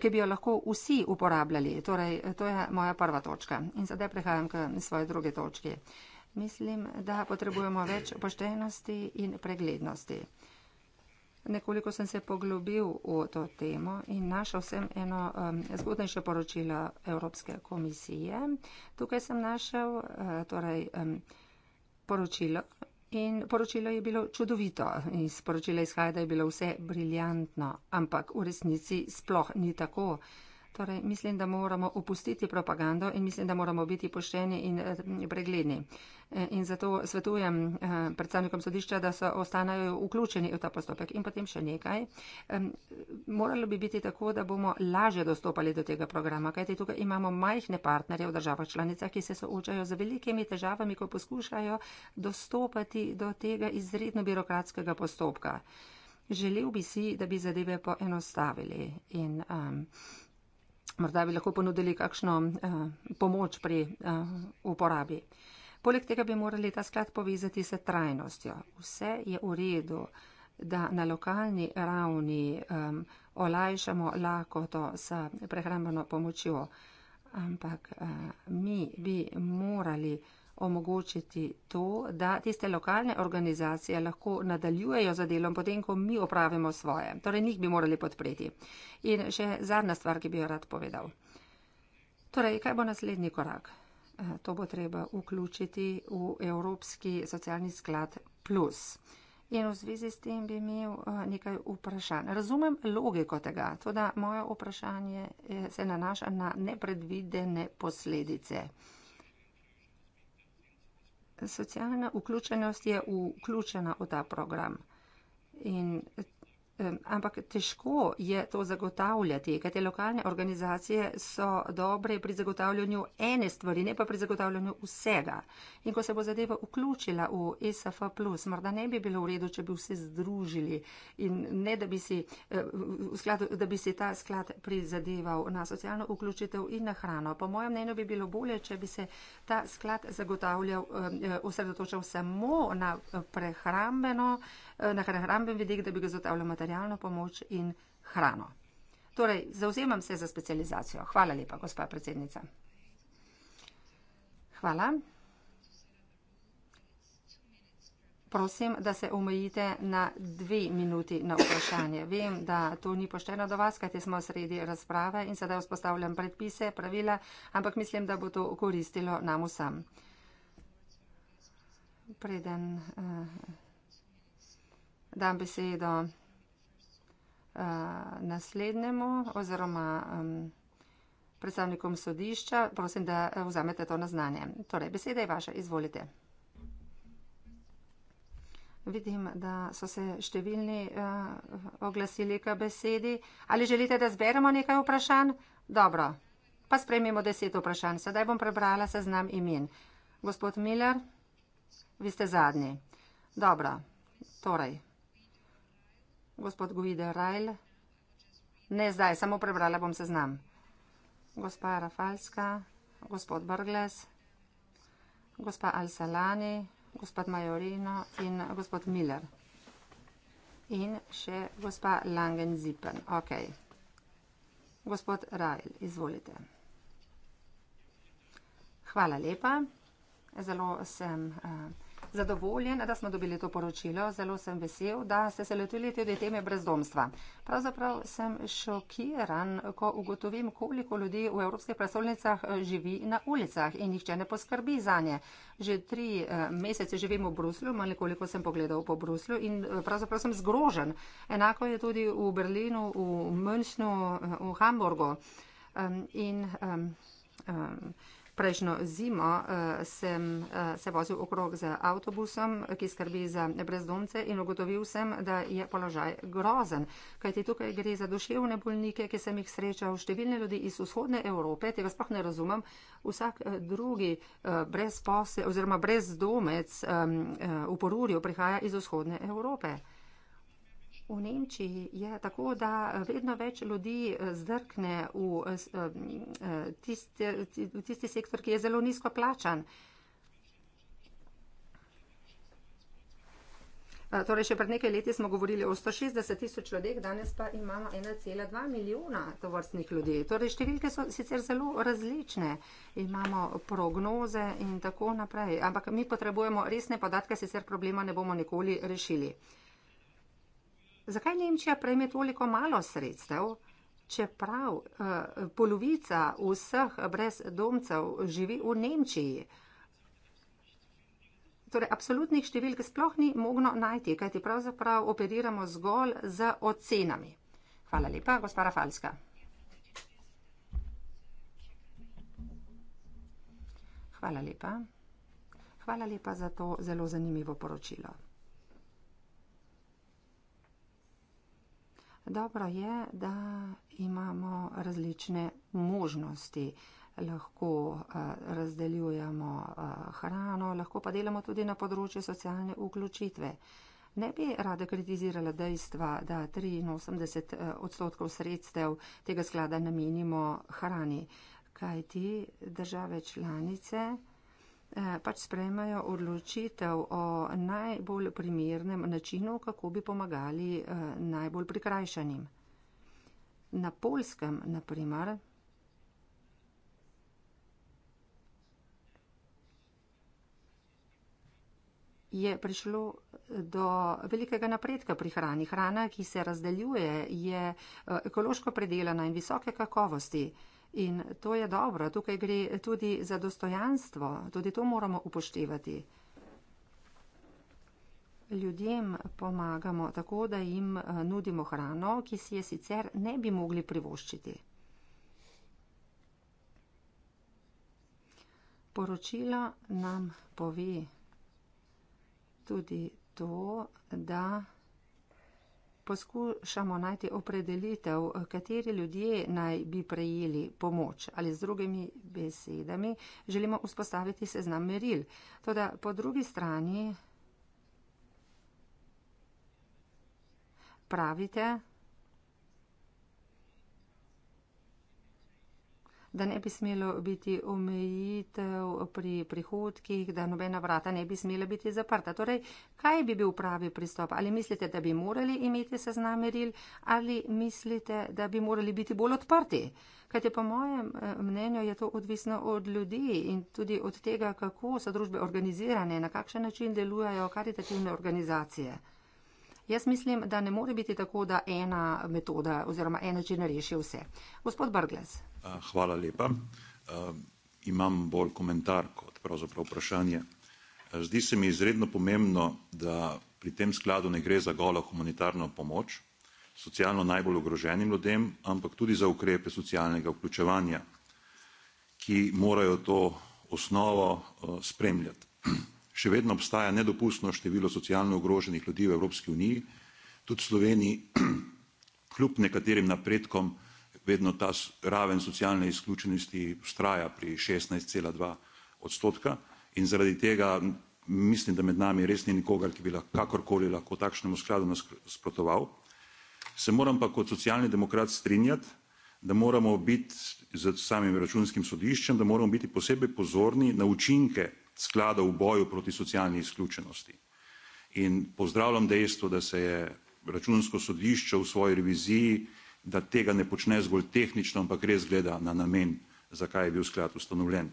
ki bi jo lahko vsi uporabljali. Torej, to je moja prva točka. In sedaj prehajam k svoje druge točke. Mislim, da potrebujemo več poštenosti in preglednosti. Nekoliko sem se poglobil v to temo in našel sem eno um, zgodnejše poročilo Evropske komisije. Tukaj sem našel uh, torej, um, poročilo in poročilo je bilo čudovito. Iz poročila izhaja, da je bilo vse briljantno, ampak v resnici sploh ni tako. Uh, Torej, mislim, da moramo opustiti propagando in mislim, da moramo biti pošteni in eh, pregledni. Eh, in zato svetujem eh, predstavnikom sodišča, da so ostanejo vključeni v ta postopek. In potem še nekaj. Moralo bi biti tako, da bomo lažje dostopali do tega programa, kajti tukaj imamo majhne partnerje v državah članicah, ki se soočajo z velikimi težavami, ko poskušajo dostopati do tega izredno birokratskega postopka. Želel bi si, da bi zadeve poenostavili. In, um, morda bi lahko ponudili kakšno uh, pomoč pri uh, uporabi. Poleg tega bi morali ta sklad povezati s trajnostjo. Vse je v redu, da na lokalni ravni um, olajšamo lakoto s prehrambeno pomočjo, ampak uh, mi bi morali omogočiti to, da tiste lokalne organizacije lahko nadaljujejo za delom, potem, ko mi opravimo svoje. Torej, njih bi morali podpreti. In še zadnja stvar, ki bi jo rad povedal. Torej, kaj bo naslednji korak? Eh, to bo treba vključiti v Evropski socialni sklad plus. In v zvezi s tem bi imel eh, nekaj vprašanj. Razumem logiko tega, tudi moje vprašanje eh, se nanaša na nepredvidene posledice socialna vključenost je vključena v ta program. In Ampak težko je to zagotavljati, kaj te lokalne organizacije so dobre pri zagotavljanju ene stvari, ne pa pri zagotavljanju vsega. In ko se bo zadeva vključila v e SF, morda ne bi bilo v redu, če bi vse združili in ne da bi si, eh, skladu, da bi si ta sklad prizadeval na socialno vključitev in na hrano. Po mojem mnenju bi bilo bolje, če bi se ta sklad zagotavljal, eh, osredotočal samo na eh, prehrambeno, na prehramben vidik, da bi ga zagotavljal materijal materialno pomoč in hrano. Torej, zauzemam se za specializacijo. Hvala lepa, gospa predsednica. Hvala. Prosim, da se omejite na dve minuti na vprašanje. Vem, da to ni pošteno do vas, kajte smo sredi razprave in sedaj vzpostavljam predpise, pravila, ampak mislim, da bo to koristilo nam vsem. Preden uh, dam besedo uh, naslednjemu oziroma um, predstavnikom sodišča. Prosim, da eh, vzamete to na znanje. Torej, beseda je vaša, izvolite. Vidim, da so se številni uh, oglasili k besedi. Ali želite, da zberemo nekaj vprašanj? Dobro, pa sprejmemo deset vprašanj. Sedaj bom prebrala seznam imen. Gospod Miller, vi ste zadnji. Dobro, torej. Gospod Guide Rajl. Ne zdaj, samo prebrala bom seznam. Gospa Rafalska, gospod Brgles, gospa Al-Salani, gospod Majorino in gospod Miller. In še gospa Langenzipen. Ok. Gospod Rajl, izvolite. Hvala lepa. Zelo sem. Uh, zadovoljen, da smo dobili to poročilo. Zelo sem vesel, da ste se lotili tudi teme brezdomstva. Pravzaprav sem šokiran, ko ugotovim, koliko ljudi v evropskih prestolnicah eh, živi na ulicah in nihče ne poskrbi za nje. Že tri eh, mesece živim v Bruslju, malo koliko sem pogledal po Bruslju in eh, pravzaprav sem zgrožen. Enako je tudi v Berlinu, v Münchnu, v Hamburgu. Um, in, um, um, Prejšnjo zimo uh, sem uh, se vozil okrog z avtobusom, ki skrbi za brezdomce in ugotovil sem, da je položaj grozen. Kajti tukaj gre za duševne bolnike, ki sem jih srečal, številne ljudi iz vzhodne Evrope, tega sploh ne razumem. Vsak uh, drugi uh, brez pose, brezdomec um, uh, v porurju prihaja iz vzhodne Evrope. V Nemčiji je tako, da vedno več ljudi eh, zdrkne v eh, eh, tisti, v tisti sektor, ki je zelo nizko plačan. Torej, še pred nekaj leti smo govorili o 160 tisoč ljudeh, danes pa imamo 1,2 milijona tovrstnih ljudi. Torej, številke so sicer zelo različne, imamo prognoze in tako naprej, ampak mi potrebujemo resne podatke, sicer problema ne bomo nikoli rešili. Zakaj Nemčija prejme toliko malo sredstev, čeprav eh, polovica vseh brezdomcev živi v Nemčiji? Torej, absolutnih številk sploh ni mogno najti, kajti pravzaprav operiramo zgolj z ocenami. Hvala lepa, gospa Rafalska. Hvala lepa. Hvala lepa za to zelo zanimivo poročilo. Dobro je, da imamo različne možnosti. Lahko eh, razdeljujemo eh, hrano, lahko pa delamo tudi na področju socialne vključitve. Ne bi rada kritizirala dejstva, da 83 eh, odstotkov sredstev tega sklada namenimo hrani, kajti države članice pač sprejmajo odločitev o najbolj primernem načinu, kako bi pomagali eh, najbolj prikrajšanim. Na polskem, naprimer, je prišlo do velikega napredka pri hrani. Hrana, ki se razdeljuje, je eh, ekološko predelana in visoke kakovosti. In to je dobro, tukaj gre tudi za dostojanstvo, tudi to moramo upoštevati. Ljudjem pomagamo tako, da jim eh, nudimo hrano, ki si je sicer ne bi mogli privoščiti. Poročilo nam pove tudi to, da poskušamo najti opredelitev, kateri ljudje naj bi prejeli pomoč ali z drugimi besedami želimo vzpostaviti seznam meril. Toda po drugi strani pravite, da ne bi smelo biti omejitev pri prihodkih, da nobena vrata ne bi smela biti zaprta. Torej, kaj bi bil pravi pristop? Ali mislite, da bi morali imeti seznam meril ali mislite, da bi morali biti bolj odprti? Kaj je po mojem eh, mnenju, je to odvisno od ljudi in tudi od tega, kako so družbe organizirane, na kakšen način delujejo karitativne organizacije. Jaz mislim, da ne more biti tako, da ena metoda oziroma ena način reši vse. Gospod Brgles. Eh, hvala lepa. Eh, imam bolj komentar kot pravzaprav vprašanje. Eh, zdi se mi izredno pomembno, da pri tem skladu ne gre za golo humanitarno pomoč socialno najbolj ogroženim ljudem, ampak tudi za ukrepe socialnega vključevanja, ki morajo to osnovo spremljati. Še vedno obstaja nedopustno število socialno ogroženih ljudi v Evropski uniji, tudi v Sloveniji kljub nekaterim napredkom vedno ta raven socialne izključenosti vztraja pri 16,2 odstotka in zaradi tega mislim, da med nami res ni nikogar, ki bi lahko kakorkoli lahko takšnemu skladu nasprotoval. Se moram pa kot socialni demokrat strinjati, da moramo biti z samim računskim sodiščem, da moramo biti posebej pozorni na učinke sklada v boju proti socialni izključenosti. In pozdravljam dejstvo, da se je računsko sodišče v svoji reviziji da tega ne počne zgolj tehnično, ampak res gleda na namen, zakaj je bil sklad ustanovljen.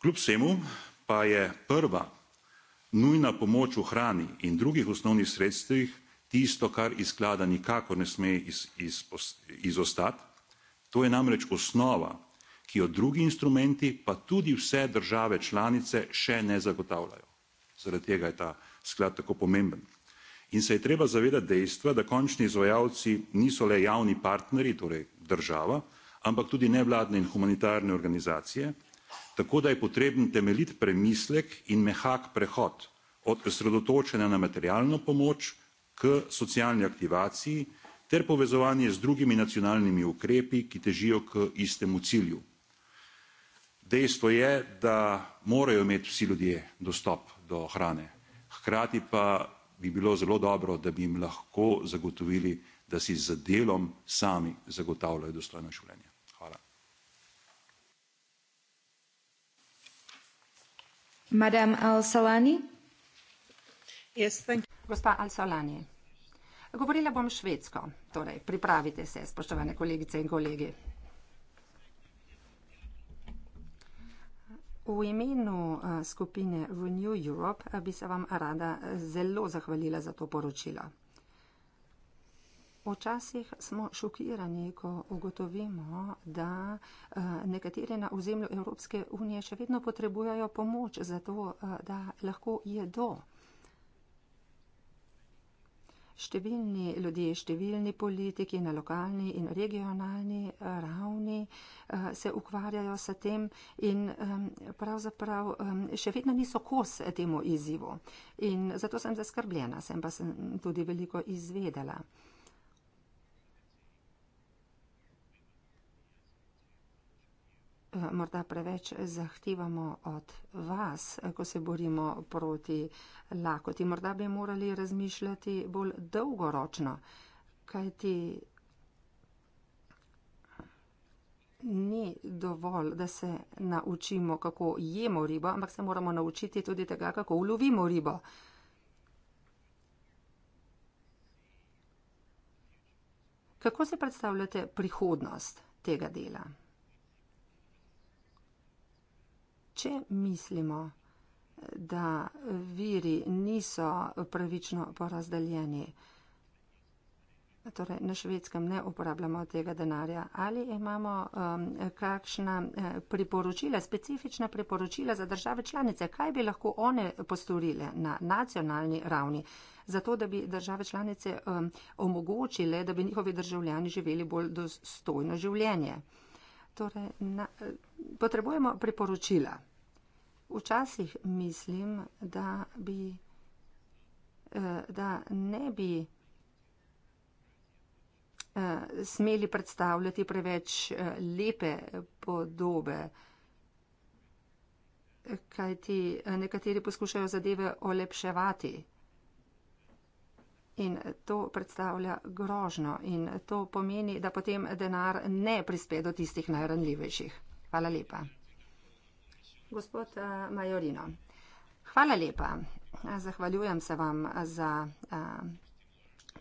Kljub vsemu pa je prva nujna pomoč v hrani in drugih osnovnih sredstvih tisto, kar iz sklada nikakor ne sme iz, iz, izostati. To je namreč osnova, ki jo drugi instrumenti, pa tudi vse države članice, še ne zagotavljajo. Zaradi tega je ta sklad tako pomemben in se je treba zavedati dejstva da končni izvajalci niso le javni partnerji torej država ampak tudi nevladne in humanitarne organizacije tako da je potreben temeljit premislek in mehak prehod od osredotočanja na materialno pomoč k socialni aktivaciji ter povezovanje z drugimi nacionalnimi ukrepi ki težijo k istemu cilju. dejstvo je da morajo imeti vsi ljudje dostop do hrane hkrati pa bi bilo zelo dobro, da bi jim lahko zagotovili, da si z delom sami zagotavljajo dostojno življenje. Hvala. Gospa Al-Salani, govorila bom švedsko, torej pripravite se, spoštovane kolegice in kolegi. V imenu skupine Renew Europe bi se vam rada zelo zahvalila za to poročilo. Včasih smo šokirani, ko ugotovimo, da nekatere na ozemlju Evropske unije še vedno potrebujejo pomoč za to, da lahko jedo številni ljudje, številni politiki na lokalni in regionalni eh, ravni eh, se ukvarjajo s tem in pravzaprav še vedno niso kos temu izzivu. In zato sem zaskrbljena, sem pa sem tudi veliko izvedela. morda preveč zahtevamo od vas, ko se borimo proti lakoti. Morda bi morali razmišljati bolj dolgoročno, kajti ni dovolj, da se naučimo, kako jemo ribo, ampak se moramo naučiti tudi tega, kako ulovimo ribo. Kako se predstavljate prihodnost tega dela? če mislimo, da viri niso pravično porazdeljeni, torej na švedskem ne uporabljamo tega denarja, ali imamo um, kakšna eh, priporočila, specifična priporočila za države članice, kaj bi lahko one postorile na nacionalni ravni, zato da bi države članice um, omogočile, da bi njihovi državljani živeli bolj dostojno življenje. Torej, na, eh, potrebujemo priporočila. Včasih mislim, da bi, eh, da ne bi eh, smeli predstavljati preveč lepe podobe, kajti nekateri poskušajo zadeve olepševati. In to predstavlja grožno in to pomeni, da potem denar ne prispe do tistih najranljivejših. Hvala lepa. Gospod eh, Majorino, hvala lepa. Zahvaljujem se vam za eh,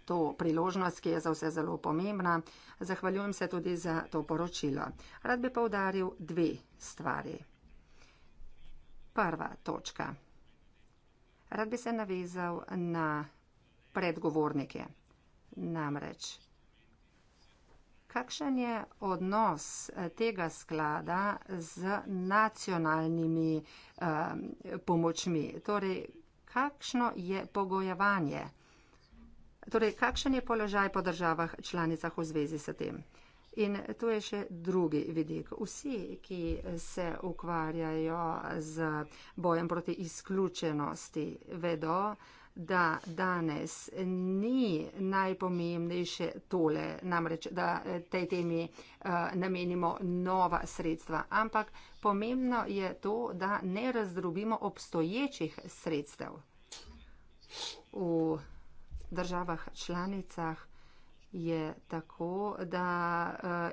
to priložnost, ki je za vse zelo pomembna. Zahvaljujem se tudi za to poročilo. Rad bi povdaril dve stvari. Prva točka. Rad bi se navezal na predgovornike. Namreč, kakšen je odnos eh, tega sklada z nacionalnimi um, pomočmi? Torej, kakšno je pogojevanje? Torej, kakšen je položaj po državah članicah v zvezi s tem? In tu je še drugi vidik. Vsi, ki se ukvarjajo z bojem proti izključenosti, vedo, da danes ni najpomembnejše tole, namreč, da eh, tej temi eh, namenimo nova sredstva, ampak pomembno je to, da ne razdrobimo obstoječih sredstev v državah članicah je tako, da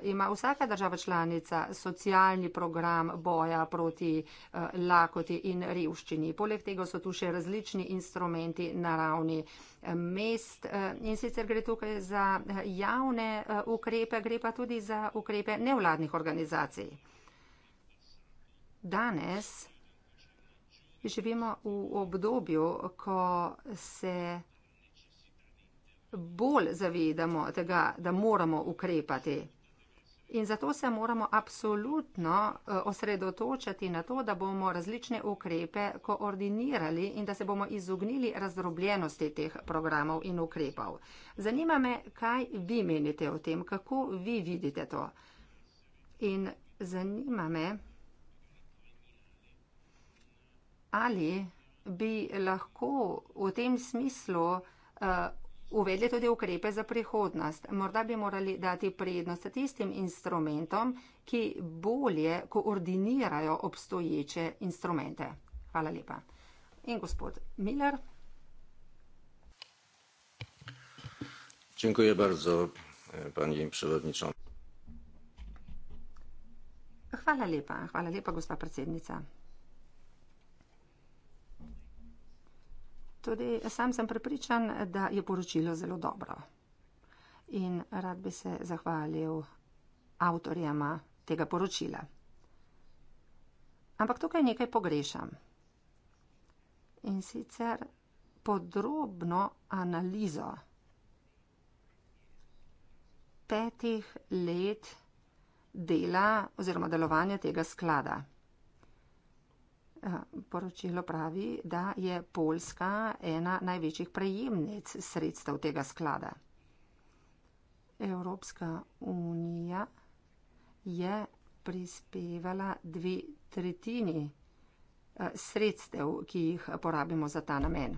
eh, ima vsaka država članica socialni program boja proti eh, lakoti in revščini. Poleg tega so tu še različni instrumenti na ravni eh, mest in sicer gre tukaj za javne ukrepe, gre pa tudi za ukrepe nevladnih organizacij. Danes živimo v obdobju, ko se bolj zavedamo tega, da moramo ukrepati. In zato se moramo absolutno eh, osredotočati na to, da bomo različne ukrepe koordinirali in da se bomo izognili razdrobljenosti teh programov in ukrepov. Zanima me, kaj vi menite o tem, kako vi vidite to. In zanima me, ali bi lahko v tem smislu uh, uvedli tudi ukrepe za prihodnost. Morda bi morali dati prednost tistim instrumentom, ki bolje koordinirajo obstoječe instrumente. Hvala lepa. In gospod Miller. Dziękuję bardzo, pani przewodnicząca. Hvala lepa, hvala lepa, gospa predsednica. Tudi sam sem prepričan, da je poročilo zelo dobro. In rad bi se zahvalil avtorjama tega poročila. Ampak tukaj nekaj pogrešam. In sicer podrobno analizo petih let dela oziroma delovanja tega sklada. Poročilo pravi, da je Poljska ena največjih prejemnic sredstev tega sklada. Evropska unija je prispevala dve tretjini eh, sredstev, ki jih porabimo za ta namen.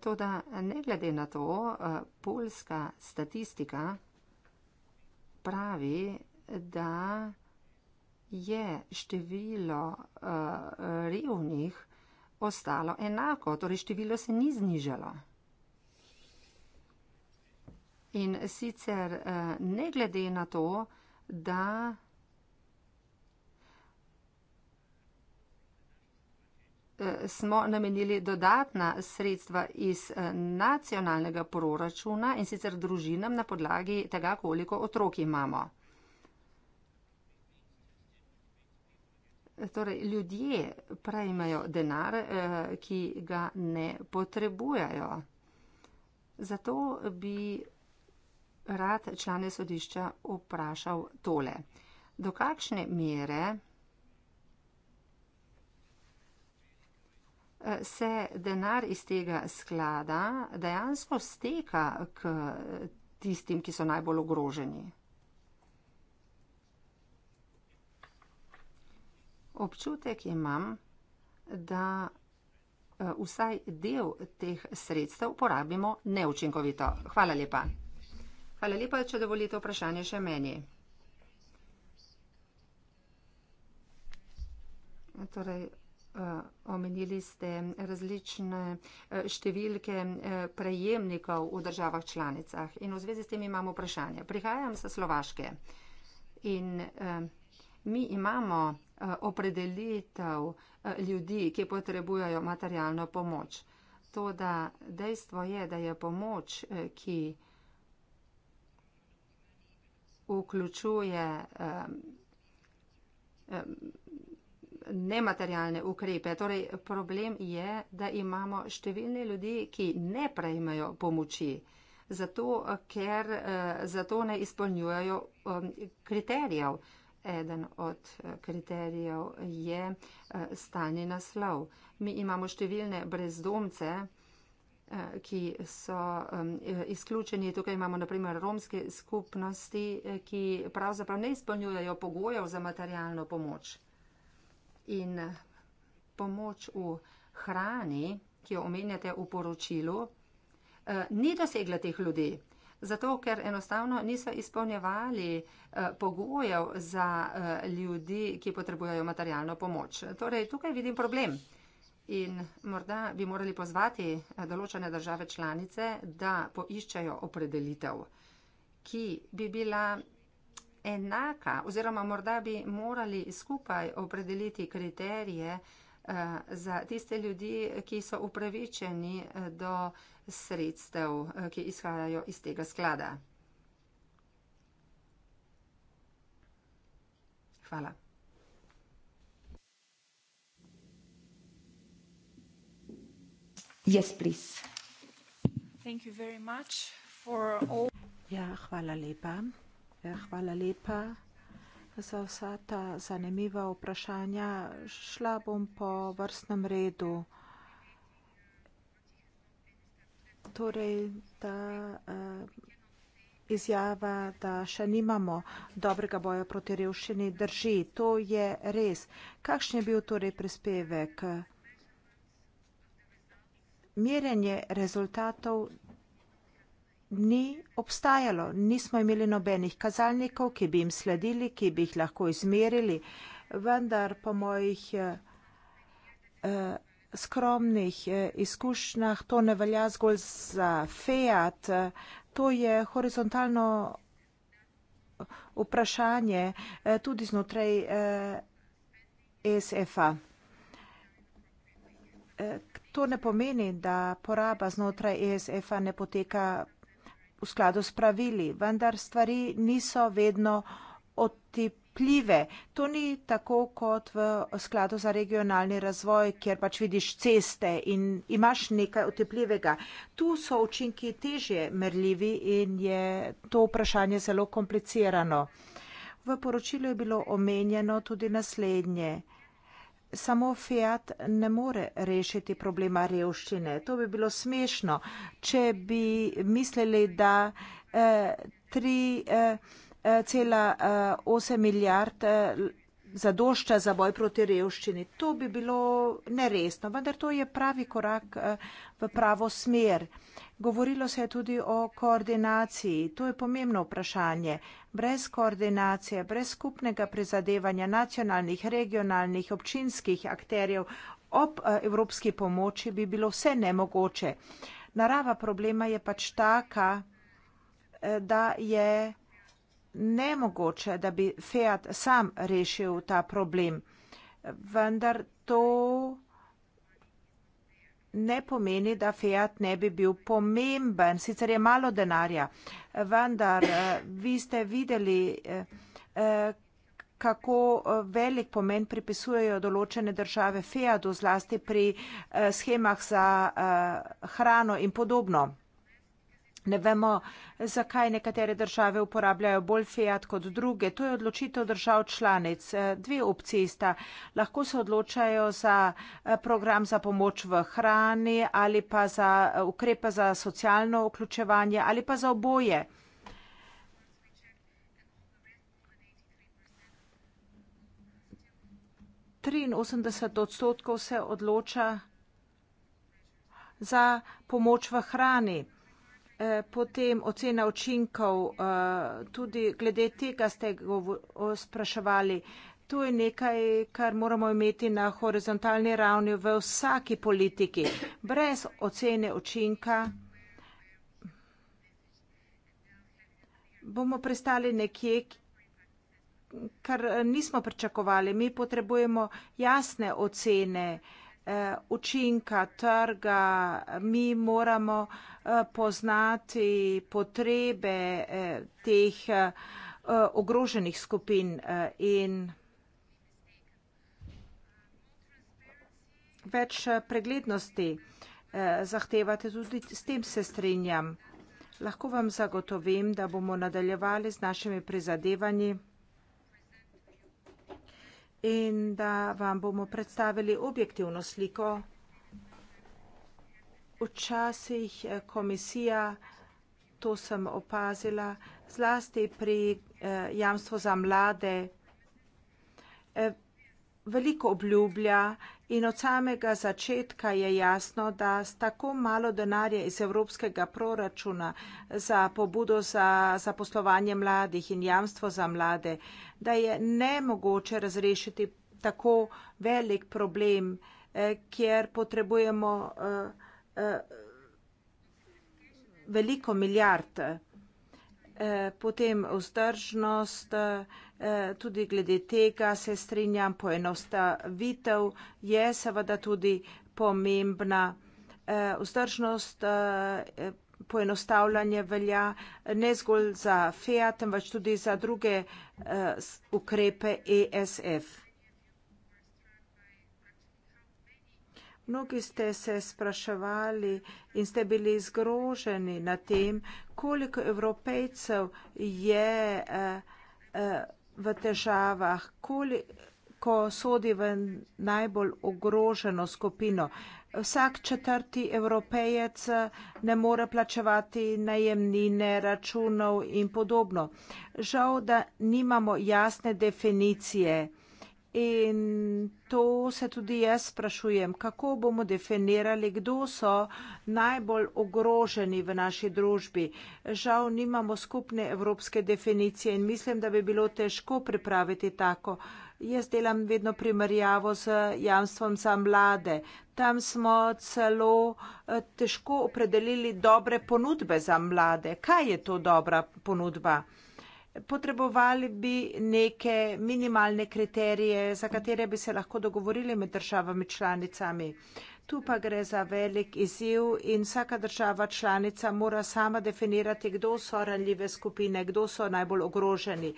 Toda ne glede na to, eh, poljska statistika pravi, da je število uh, revnih ostalo enako, torej število se ni znižalo. In sicer uh, ne glede na to, da Eh, smo namenili dodatna sredstva iz eh, nacionalnega proračuna in sicer družinam na podlagi tega, koliko otrok imamo. Torej, ljudje prejmejo denar, eh, ki ga ne potrebujajo. Zato bi rad člane sodišča vprašal tole. Do kakšne mere se denar iz tega sklada dejansko steka k tistim, ki so najbolj ogroženi. Občutek imam, da eh, vsaj del teh sredstev porabimo neučinkovito. Hvala lepa. Hvala lepa, če dovolite vprašanje še meni. Torej, Eh, omenili ste različne eh, številke eh, prejemnikov v državah članicah in v zvezi s tem imamo vprašanje. Prihajam sa Slovaške in mi imamo opredelitev ljudi, ki potrebujejo materialno pomoč. To, da dejstvo je, da je pomoč, ki vključuje nematerialne ukrepe. Torej, problem je, da imamo številne ljudi, ki ne prejmejo pomoči, zato ker eh, zato ne izpolnjujejo eh, kriterijev. Eden od eh, kriterijev je stanje naslov. Mi imamo številne brezdomce, ki so izključeni. Tukaj imamo naprimer romske skupnosti, ki pravzaprav ne izpolnjujejo pogojev za materialno pomoč in pomoč v hrani, ki jo omenjate v poročilu, eh, ni dosegla teh ljudi. Zato, ker enostavno niso izpolnjevali eh, pogojev za eh, ljudi, ki potrebujejo materialno pomoč. Torej, tukaj vidim problem in morda bi morali pozvati eh, določene države članice, da poiščajo opredelitev, ki bi bila enaka oziroma morda bi morali skupaj opredeliti kriterije eh, za tiste ljudi, ki so upravičeni eh, do sredstev, eh, ki izhajajo iz tega sklada. Hvala. Yes, please. Thank you very much for all. Ja, hvala lepa. Ja, hvala lepa za vsa ta zanimiva vprašanja. Šla bom po vrstnem redu. Torej, ta eh, izjava, da še nimamo dobrega boja proti revščini, drži. To je res. Kakšen je bil torej prispevek? Merjenje rezultatov ni obstajalo, nismo imeli nobenih kazalnikov, ki bi jim sledili, ki bi jih lahko izmerili, vendar po mojih eh, eh skromnih eh, izkušnjah to ne velja zgolj za fiat, eh, to je horizontalno eh, vprašanje eh, tudi znotraj eh, SF-a. To ne pomeni, da poraba znotraj ESF-a ne poteka v skladu s pravili, vendar stvari niso vedno otipljive. To ni tako kot v skladu za regionalni razvoj, kjer pač vidiš ceste in imaš nekaj otipljivega. Tu so učinki težje merljivi in je to vprašanje zelo komplicirano. V poročilu je bilo omenjeno tudi naslednje samo Fiat ne more rešiti problema revščine. To bi bilo smešno, če bi mislili, da eh, tri eh, eh, cela osem milijard zadošča za boj proti revščini. To bi bilo neresno, vendar to je pravi korak v pravo smer. Govorilo se je tudi o koordinaciji. To je pomembno vprašanje. Brez koordinacije, brez skupnega prizadevanja nacionalnih, regionalnih, občinskih akterjev ob eh, evropski pomoči bi bilo vse nemogoče. Narava problema je pač taka, eh, da je nemogoče, da bi FEAT sam rešil ta problem. Vendar to ne pomeni, da Fiat ne bi bil pomemben. Sicer je malo denarja, vendar eh, vi ste videli, eh, eh, kako velik pomen pripisujejo določene države Fiatu, zlasti pri schemah za hrano in podobno. Ne vemo, zakaj nekatere države uporabljajo bolj fiat kot druge. To je odločitev držav članic. Eh, dve opcije sta. Lahko se odločajo za eh, program za pomoč v hrani ali pa za eh, ukrepe za socialno vključevanje ali pa za oboje. Triinosemdeset odstotkov se odloča za pomoč v hrani. Eh, potem ocena učinkov, eh, tudi glede tega ste spraševali. To je nekaj, kar moramo imeti na horizontalni ravni v vsaki politiki. Brez ocene učinka bomo pristali nekje, kar nismo pričakovali. Mi potrebujemo jasne ocene učinkov. Eh, učinka trga, mi moramo eh, poznati potrebe eh, teh ogroženih skupin in več preglednosti zahtevate, tudi s tem se strinjam. Lahko vam zagotovim, da bomo nadaljevali z našimi prizadevanji in da vam bomo predstavili objektivno sliko. Včasih eh, komisija, to sem opazila, zlasti pri eh, jamstvo za mlade, eh, veliko obljublja in In od samega začetka je jasno, da s tako malo denarja iz evropskega proračuna za pobudo za zaposlovanje mladih in jamstvo za mlade, da je nemogoče razrešiti tako velik problem, eh, kjer potrebujemo eh, eh, veliko milijard, potem vzdržnost, Eh, tudi glede tega se strinjam, poenostavitev je seveda tudi pomembna. Eh, vzdržnost eh, poenostavljanje velja ne zgolj za FEAT, temveč tudi za druge ukrepe ESF. Mnogi ste se spraševali in ste bili zgroženi na tem, koliko Evropejcev je v težavah, koliko sodi v najbolj ogroženo skupino. Vsak četrti evropejec eh, ne more plačevati najemnine, računov in podobno. Žal, da nimamo jasne definicije. In to se tudi jaz sprašujem, kako bomo definirali, kdo so najbolj ogroženi v naši družbi. Žal nimamo skupne evropske definicije in mislim, da bi bilo težko pripraviti tako. Jaz delam vedno primerjavo z jamstvom za mlade. Tam smo celo eh, težko opredelili dobre ponudbe za mlade. Kaj je to dobra ponudba? Potrebovali bi neke minimalne kriterije, za katere bi se lahko dogovorili med državami članicami. Tu pa gre za velik izziv in vsaka država članica mora sama definirati, kdo so ranljive skupine, kdo so najbolj ogroženi.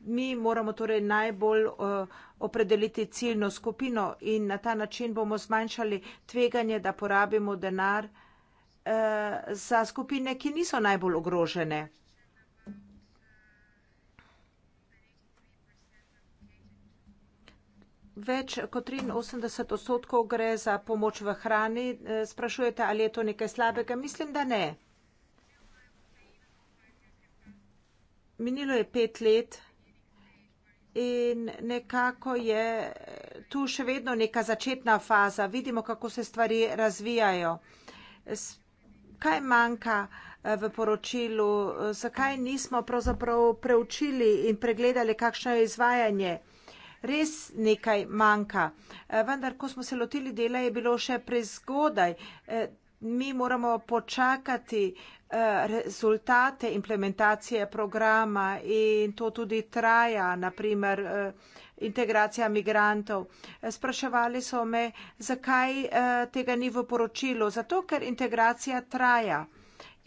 Mi moramo torej najbolj uh, opredeliti ciljno skupino in na ta način bomo zmanjšali tveganje, da porabimo denar uh, za skupine, ki niso najbolj ogrožene. več kot 83 odstotkov gre za pomoč v hrani. E, sprašujete, ali je to nekaj slabega? Mislim, da ne. Minilo je pet let in nekako je e, tu še vedno neka začetna faza. Vidimo, kako se stvari razvijajo. Kaj manjka e, v poročilu? Zakaj nismo pravzaprav preučili in pregledali, kakšno je izvajanje? res nekaj manjka. Eh, vendar, ko smo se lotili dela, je bilo še prezgodaj. Eh, mi moramo počakati eh, rezultate implementacije programa in to tudi traja, naprimer integracija migrantov. Spraševali so me, zakaj tega ni v poročilu. Zato, ker integracija traja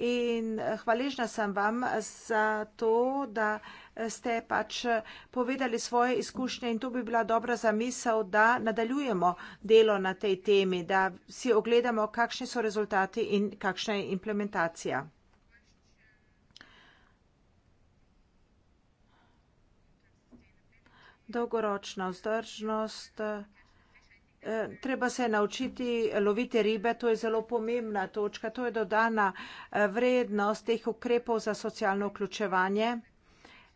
in eh, hvaležna sem vam za to, da ste pač povedali svoje izkušnje in to bi bila dobra zamisel, da nadaljujemo delo na tej temi, da si ogledamo, kakšni so rezultati in kakšna je implementacija. Dolgoročna vzdržnost. Eh, treba se naučiti loviti ribe, to je zelo pomembna točka, to je dodana eh, vrednost teh ukrepov za socialno vključevanje.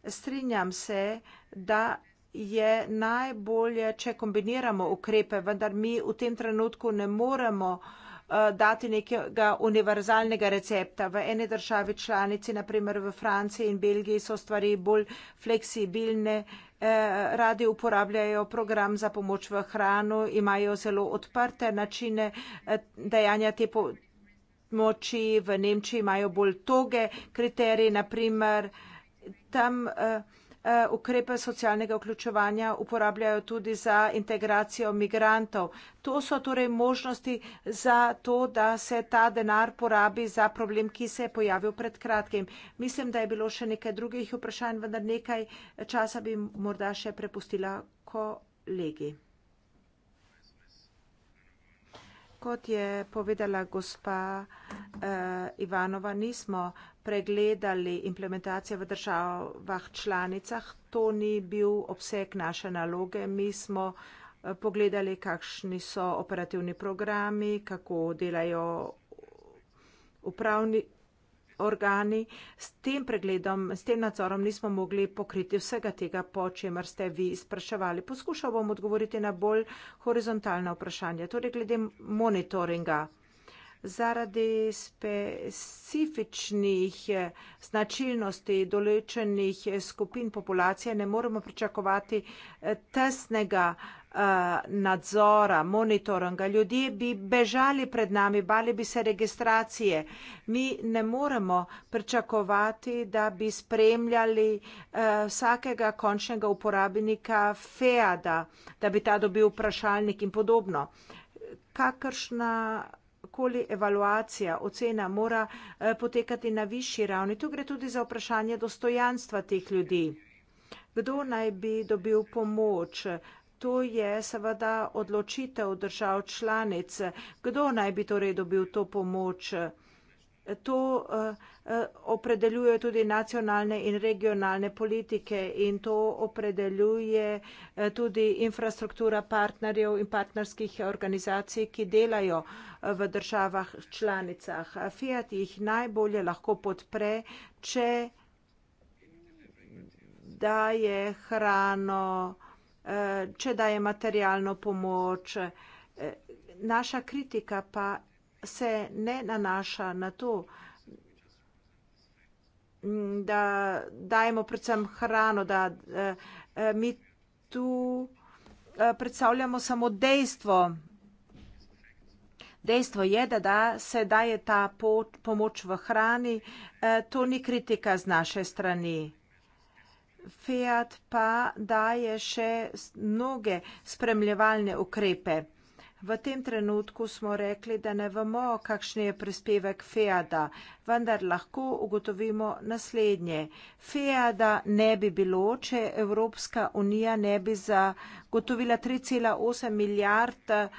Strinjam se, da je najbolje, če kombiniramo ukrepe, vendar mi v tem trenutku ne moremo eh, dati nekega univerzalnega recepta. V eni državi članici, naprimer v Franciji in Belgiji, so stvari bolj fleksibilne, Eh, radi uporabljajo program za pomoč v hrano, imajo zelo odprte načine eh, dajanja te pomoči, v Nemčiji imajo bolj toge kriterije, naprimer tam. Uh, Eh, ukrepe socialnega vključevanja uporabljajo tudi za integracijo migrantov. To so torej možnosti za to, da se ta denar porabi za problem, ki se je pojavil pred kratkim. Mislim, da je bilo še nekaj drugih vprašanj, vendar nekaj časa bi morda še prepustila kolegi. Kot je povedala gospa uh, Ivanova, nismo pregledali implementacijo v državah članicah. To ni bil obseg naše naloge. Mi smo eh, pogledali, kakšni so operativni programi, kako delajo upravni organi. S tem pregledom, s tem nadzorom nismo mogli pokriti vsega tega, po čemer ste vi spraševali. Poskušal bom odgovoriti na bolj horizontalna vprašanja, torej glede monitoringa zaradi specifičnih eh, značilnosti določenih eh, skupin populacije ne moremo pričakovati eh, tesnega nadzora, monitoranga. Ljudje bi bežali pred nami, bali bi se registracije. Mi ne moremo pričakovati, da bi spremljali uh, vsakega končnega uporabnika FEAD-a, da bi ta dobil vprašalnik in podobno. Kakršna kakorkoli evaluacija, ocena mora eh, potekati na višji ravni. Tu gre tudi za vprašanje dostojanstva teh ljudi. Kdo naj bi dobil pomoč? To je seveda odločitev držav članic. Kdo naj bi torej dobil to pomoč? to eh, eh, opredeljuje tudi nacionalne in regionalne politike in to opredeljuje eh, tudi infrastruktura partnerjev in partnerskih organizacij, ki delajo v državah članicah. Fiat jih najbolje lahko podpre, če daje hrano, če daje materialno pomoč. Naša kritika pa je, se ne nanaša na to, da dajemo predvsem hrano, da eh, mi tu eh, predstavljamo samo dejstvo. Dejstvo je, da, da se daje ta pomoč v hrani. Eh, to ni kritika z naše strani. Fiat pa daje še mnoge spremljevalne ukrepe. V tem trenutku smo rekli, da ne vemo, kakšen je prispevek FEADA, vendar lahko ugotovimo naslednje. FEADA ne bi bilo, če Evropska unija ne bi zagotovila 3,8 milijard eh,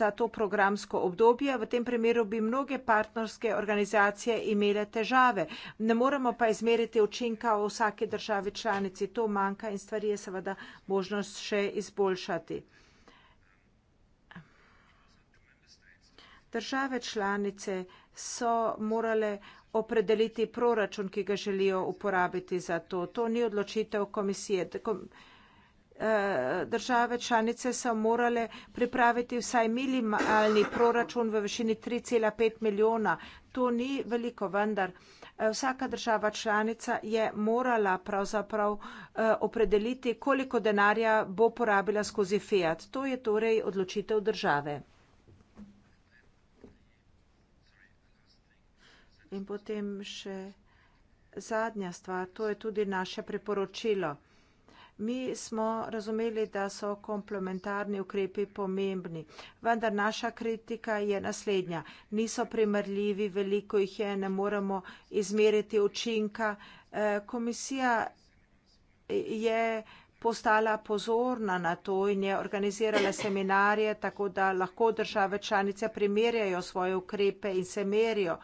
za to programsko obdobje. V tem primeru bi mnoge partnerske organizacije imele težave. Ne moremo pa izmeriti učinka v vsaki državi članici. To manjka in stvari je seveda možnost še izboljšati. Države članice so morale opredeliti proračun, ki ga želijo uporabiti za to. To ni odločitev komisije. Eh, države članice so morale pripraviti vsaj minimalni proračun v višini 3,5 milijona. To ni veliko, vendar eh, vsaka država članica je morala pravzaprav eh, opredeliti, koliko denarja bo porabila skozi Fiat. To je torej odločitev države. In potem še zadnja stvar, to je tudi naše priporočilo. Mi smo razumeli, da so komplementarni ukrepi pomembni, vendar naša kritika je naslednja. Niso primerljivi, veliko jih je, ne moremo izmeriti učinka. Eh, komisija je postala pozorna na to in je organizirala seminarje, tako da lahko države članice primerjajo svoje ukrepe in se merijo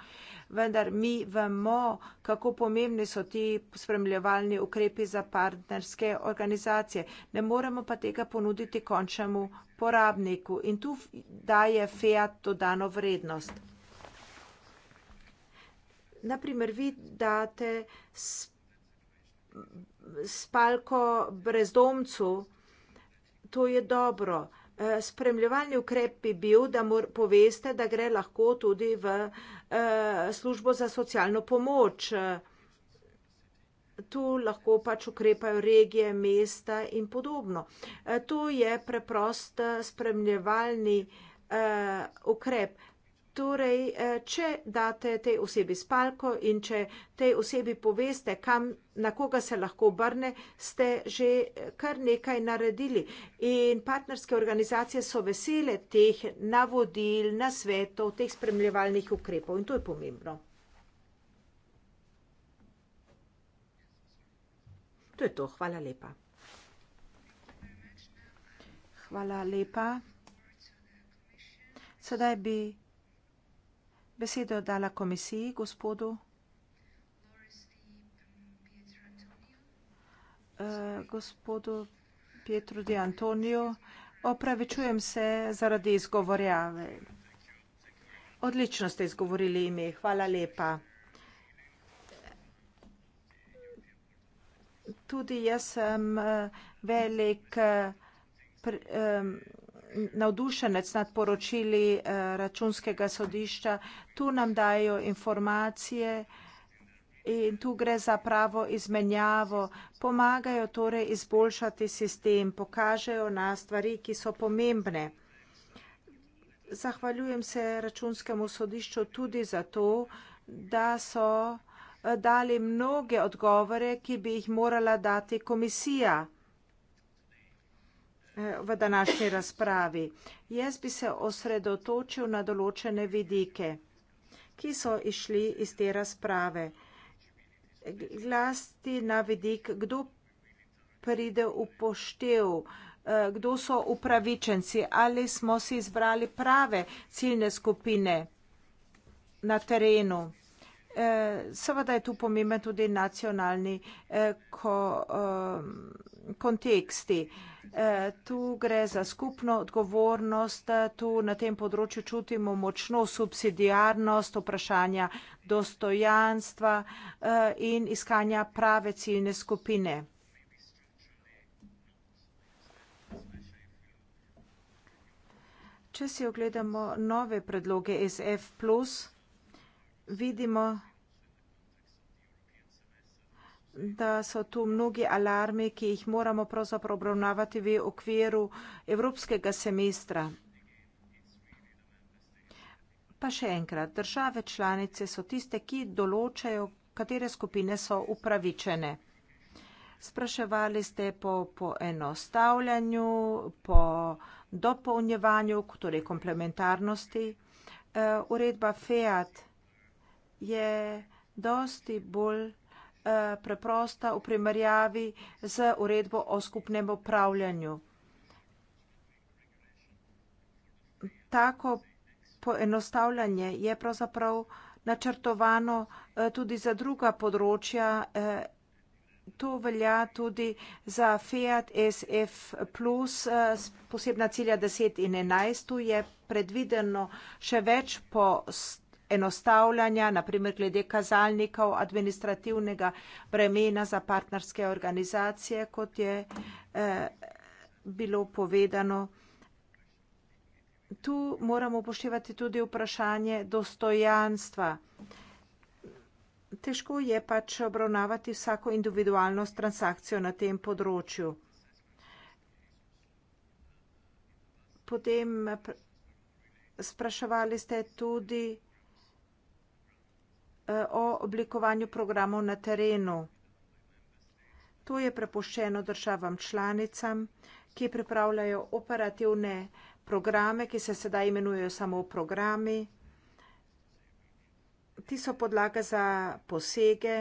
vendar mi vemo, kako pomembni so ti spremljevalni ukrepi za partnerske organizacije. Ne moremo pa tega ponuditi končnemu porabniku in tu daje Fiat dodano vrednost. Naprimer, vi date spalko brezdomcu, to je dobro. Eh, spremljevalni ukrep bi bil, da mu poveste, da gre lahko tudi v uh, Eh, službo za socialno pomoč. Tu lahko pač ukrepajo regije, mesta in podobno. Eh, to je preprost eh, spremljevalni ukrep. Torej, eh, če date tej osebi spalko in če tej osebi poveste, kam, na koga se lahko obrne, ste že eh, kar nekaj naredili. In partnerske organizacije so vesele teh navodil, nasvetov, teh spremljevalnih ukrepov in to je pomembno. To je to. Hvala lepa. Hvala lepa. Sedaj bi besedo dala komisiji, gospodu. Eh, gospodu Pietru di Antonio. Opravičujem se zaradi izgovorjave. Odlično ste izgovorili ime, hvala lepa. Tudi jaz sem eh, velik eh, navdušenec nad poročili eh, računskega sodišča. Tu nam dajo informacije in tu gre za pravo izmenjavo. Pomagajo torej izboljšati sistem, pokažejo na stvari, ki so pomembne. Zahvaljujem se računskemu sodišču tudi za to, da so eh, dali mnoge odgovore, ki bi jih morala dati komisija v današnji razpravi. Jaz bi se osredotočil na določene vidike, ki so išli iz te razprave. Glasti na vidik, kdo pride upoštev, eh, kdo so upravičenci, ali smo si izbrali prave ciljne skupine na terenu. Eh, seveda je tu pomemben tudi nacionalni eh, ko, konteksti. Eh, tu gre za skupno odgovornost, eh, tu na tem področju čutimo močno subsidijarnost vprašanja dostojanstva eh, in iskanja prave ciljne skupine. Če si ogledamo nove predloge SF+, vidimo, da so tu mnogi alarmi, ki jih moramo pravzaprav obravnavati v okviru evropskega semestra. Pa še enkrat, države članice so tiste, ki določajo, katere skupine so upravičene. Spraševali ste po, po enostavljanju, po dopolnjevanju, torej komplementarnosti. Uh, uredba FEAT je dosti bolj Eh, preprosta v primerjavi z uredbo o skupnem upravljanju. Tako poenostavljanje je pravzaprav načrtovano eh, tudi za druga področja. Eh, to velja tudi za Fiat SF plus, posebna cilja deset in enajst, tu je predvideno še več postopkov enostavljanja, naprimer glede kazalnikov administrativnega bremena za partnerske organizacije, kot je eh, bilo povedano. Tu moramo upoštevati tudi vprašanje dostojanstva. Težko je pač obravnavati vsako individualnost transakcijo na tem področju. Potem spraševali ste tudi Eh, o oblikovanju programov na terenu. To je prepuščeno državam članicam, ki pripravljajo operativne programe, ki se sedaj imenujejo samo programi. Ti so podlaga za posege.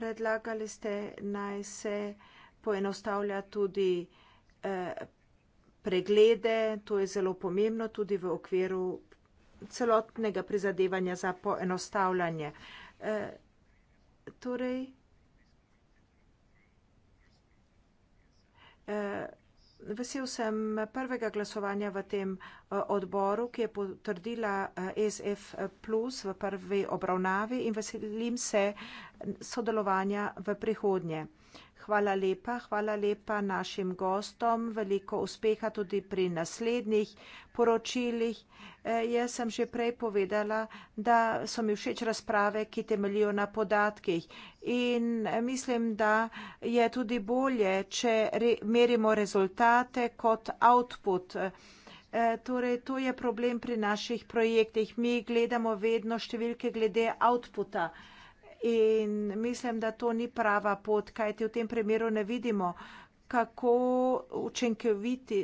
Predlagali ste naj se poenostavlja tudi Eh, preglede, to je zelo pomembno tudi v okviru celotnega prizadevanja za poenostavljanje. Eh, torej, eh, vesel sem prvega glasovanja v tem odboru, ki je potrdila e SF plus v prvi obravnavi in veselim se sodelovanja v prihodnje. Hvala lepa, hvala lepa našim gostom, veliko uspeha tudi pri naslednjih poročilih. E, jaz sem že prej povedala, da so mi všeč razprave, ki temeljijo na podatkih. In e, mislim, da je tudi bolje, če re, merimo rezultate kot output. E, torej, to je problem pri naših projektih. Mi gledamo vedno številke glede outputa in mislim, da to ni prava pot, kajti v tem primeru ne vidimo, kako učinkoviti,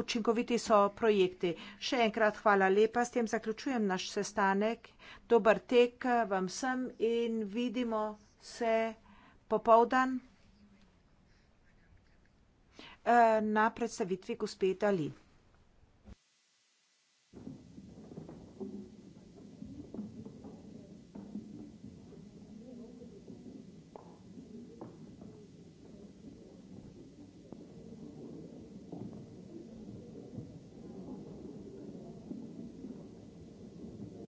učinkoviti so projekti. Še enkrat hvala lepa, s tem zaključujem naš sestanek. Dobar tek vam sem in vidimo se popovdan eh, na predstavitvi gospe Dalin.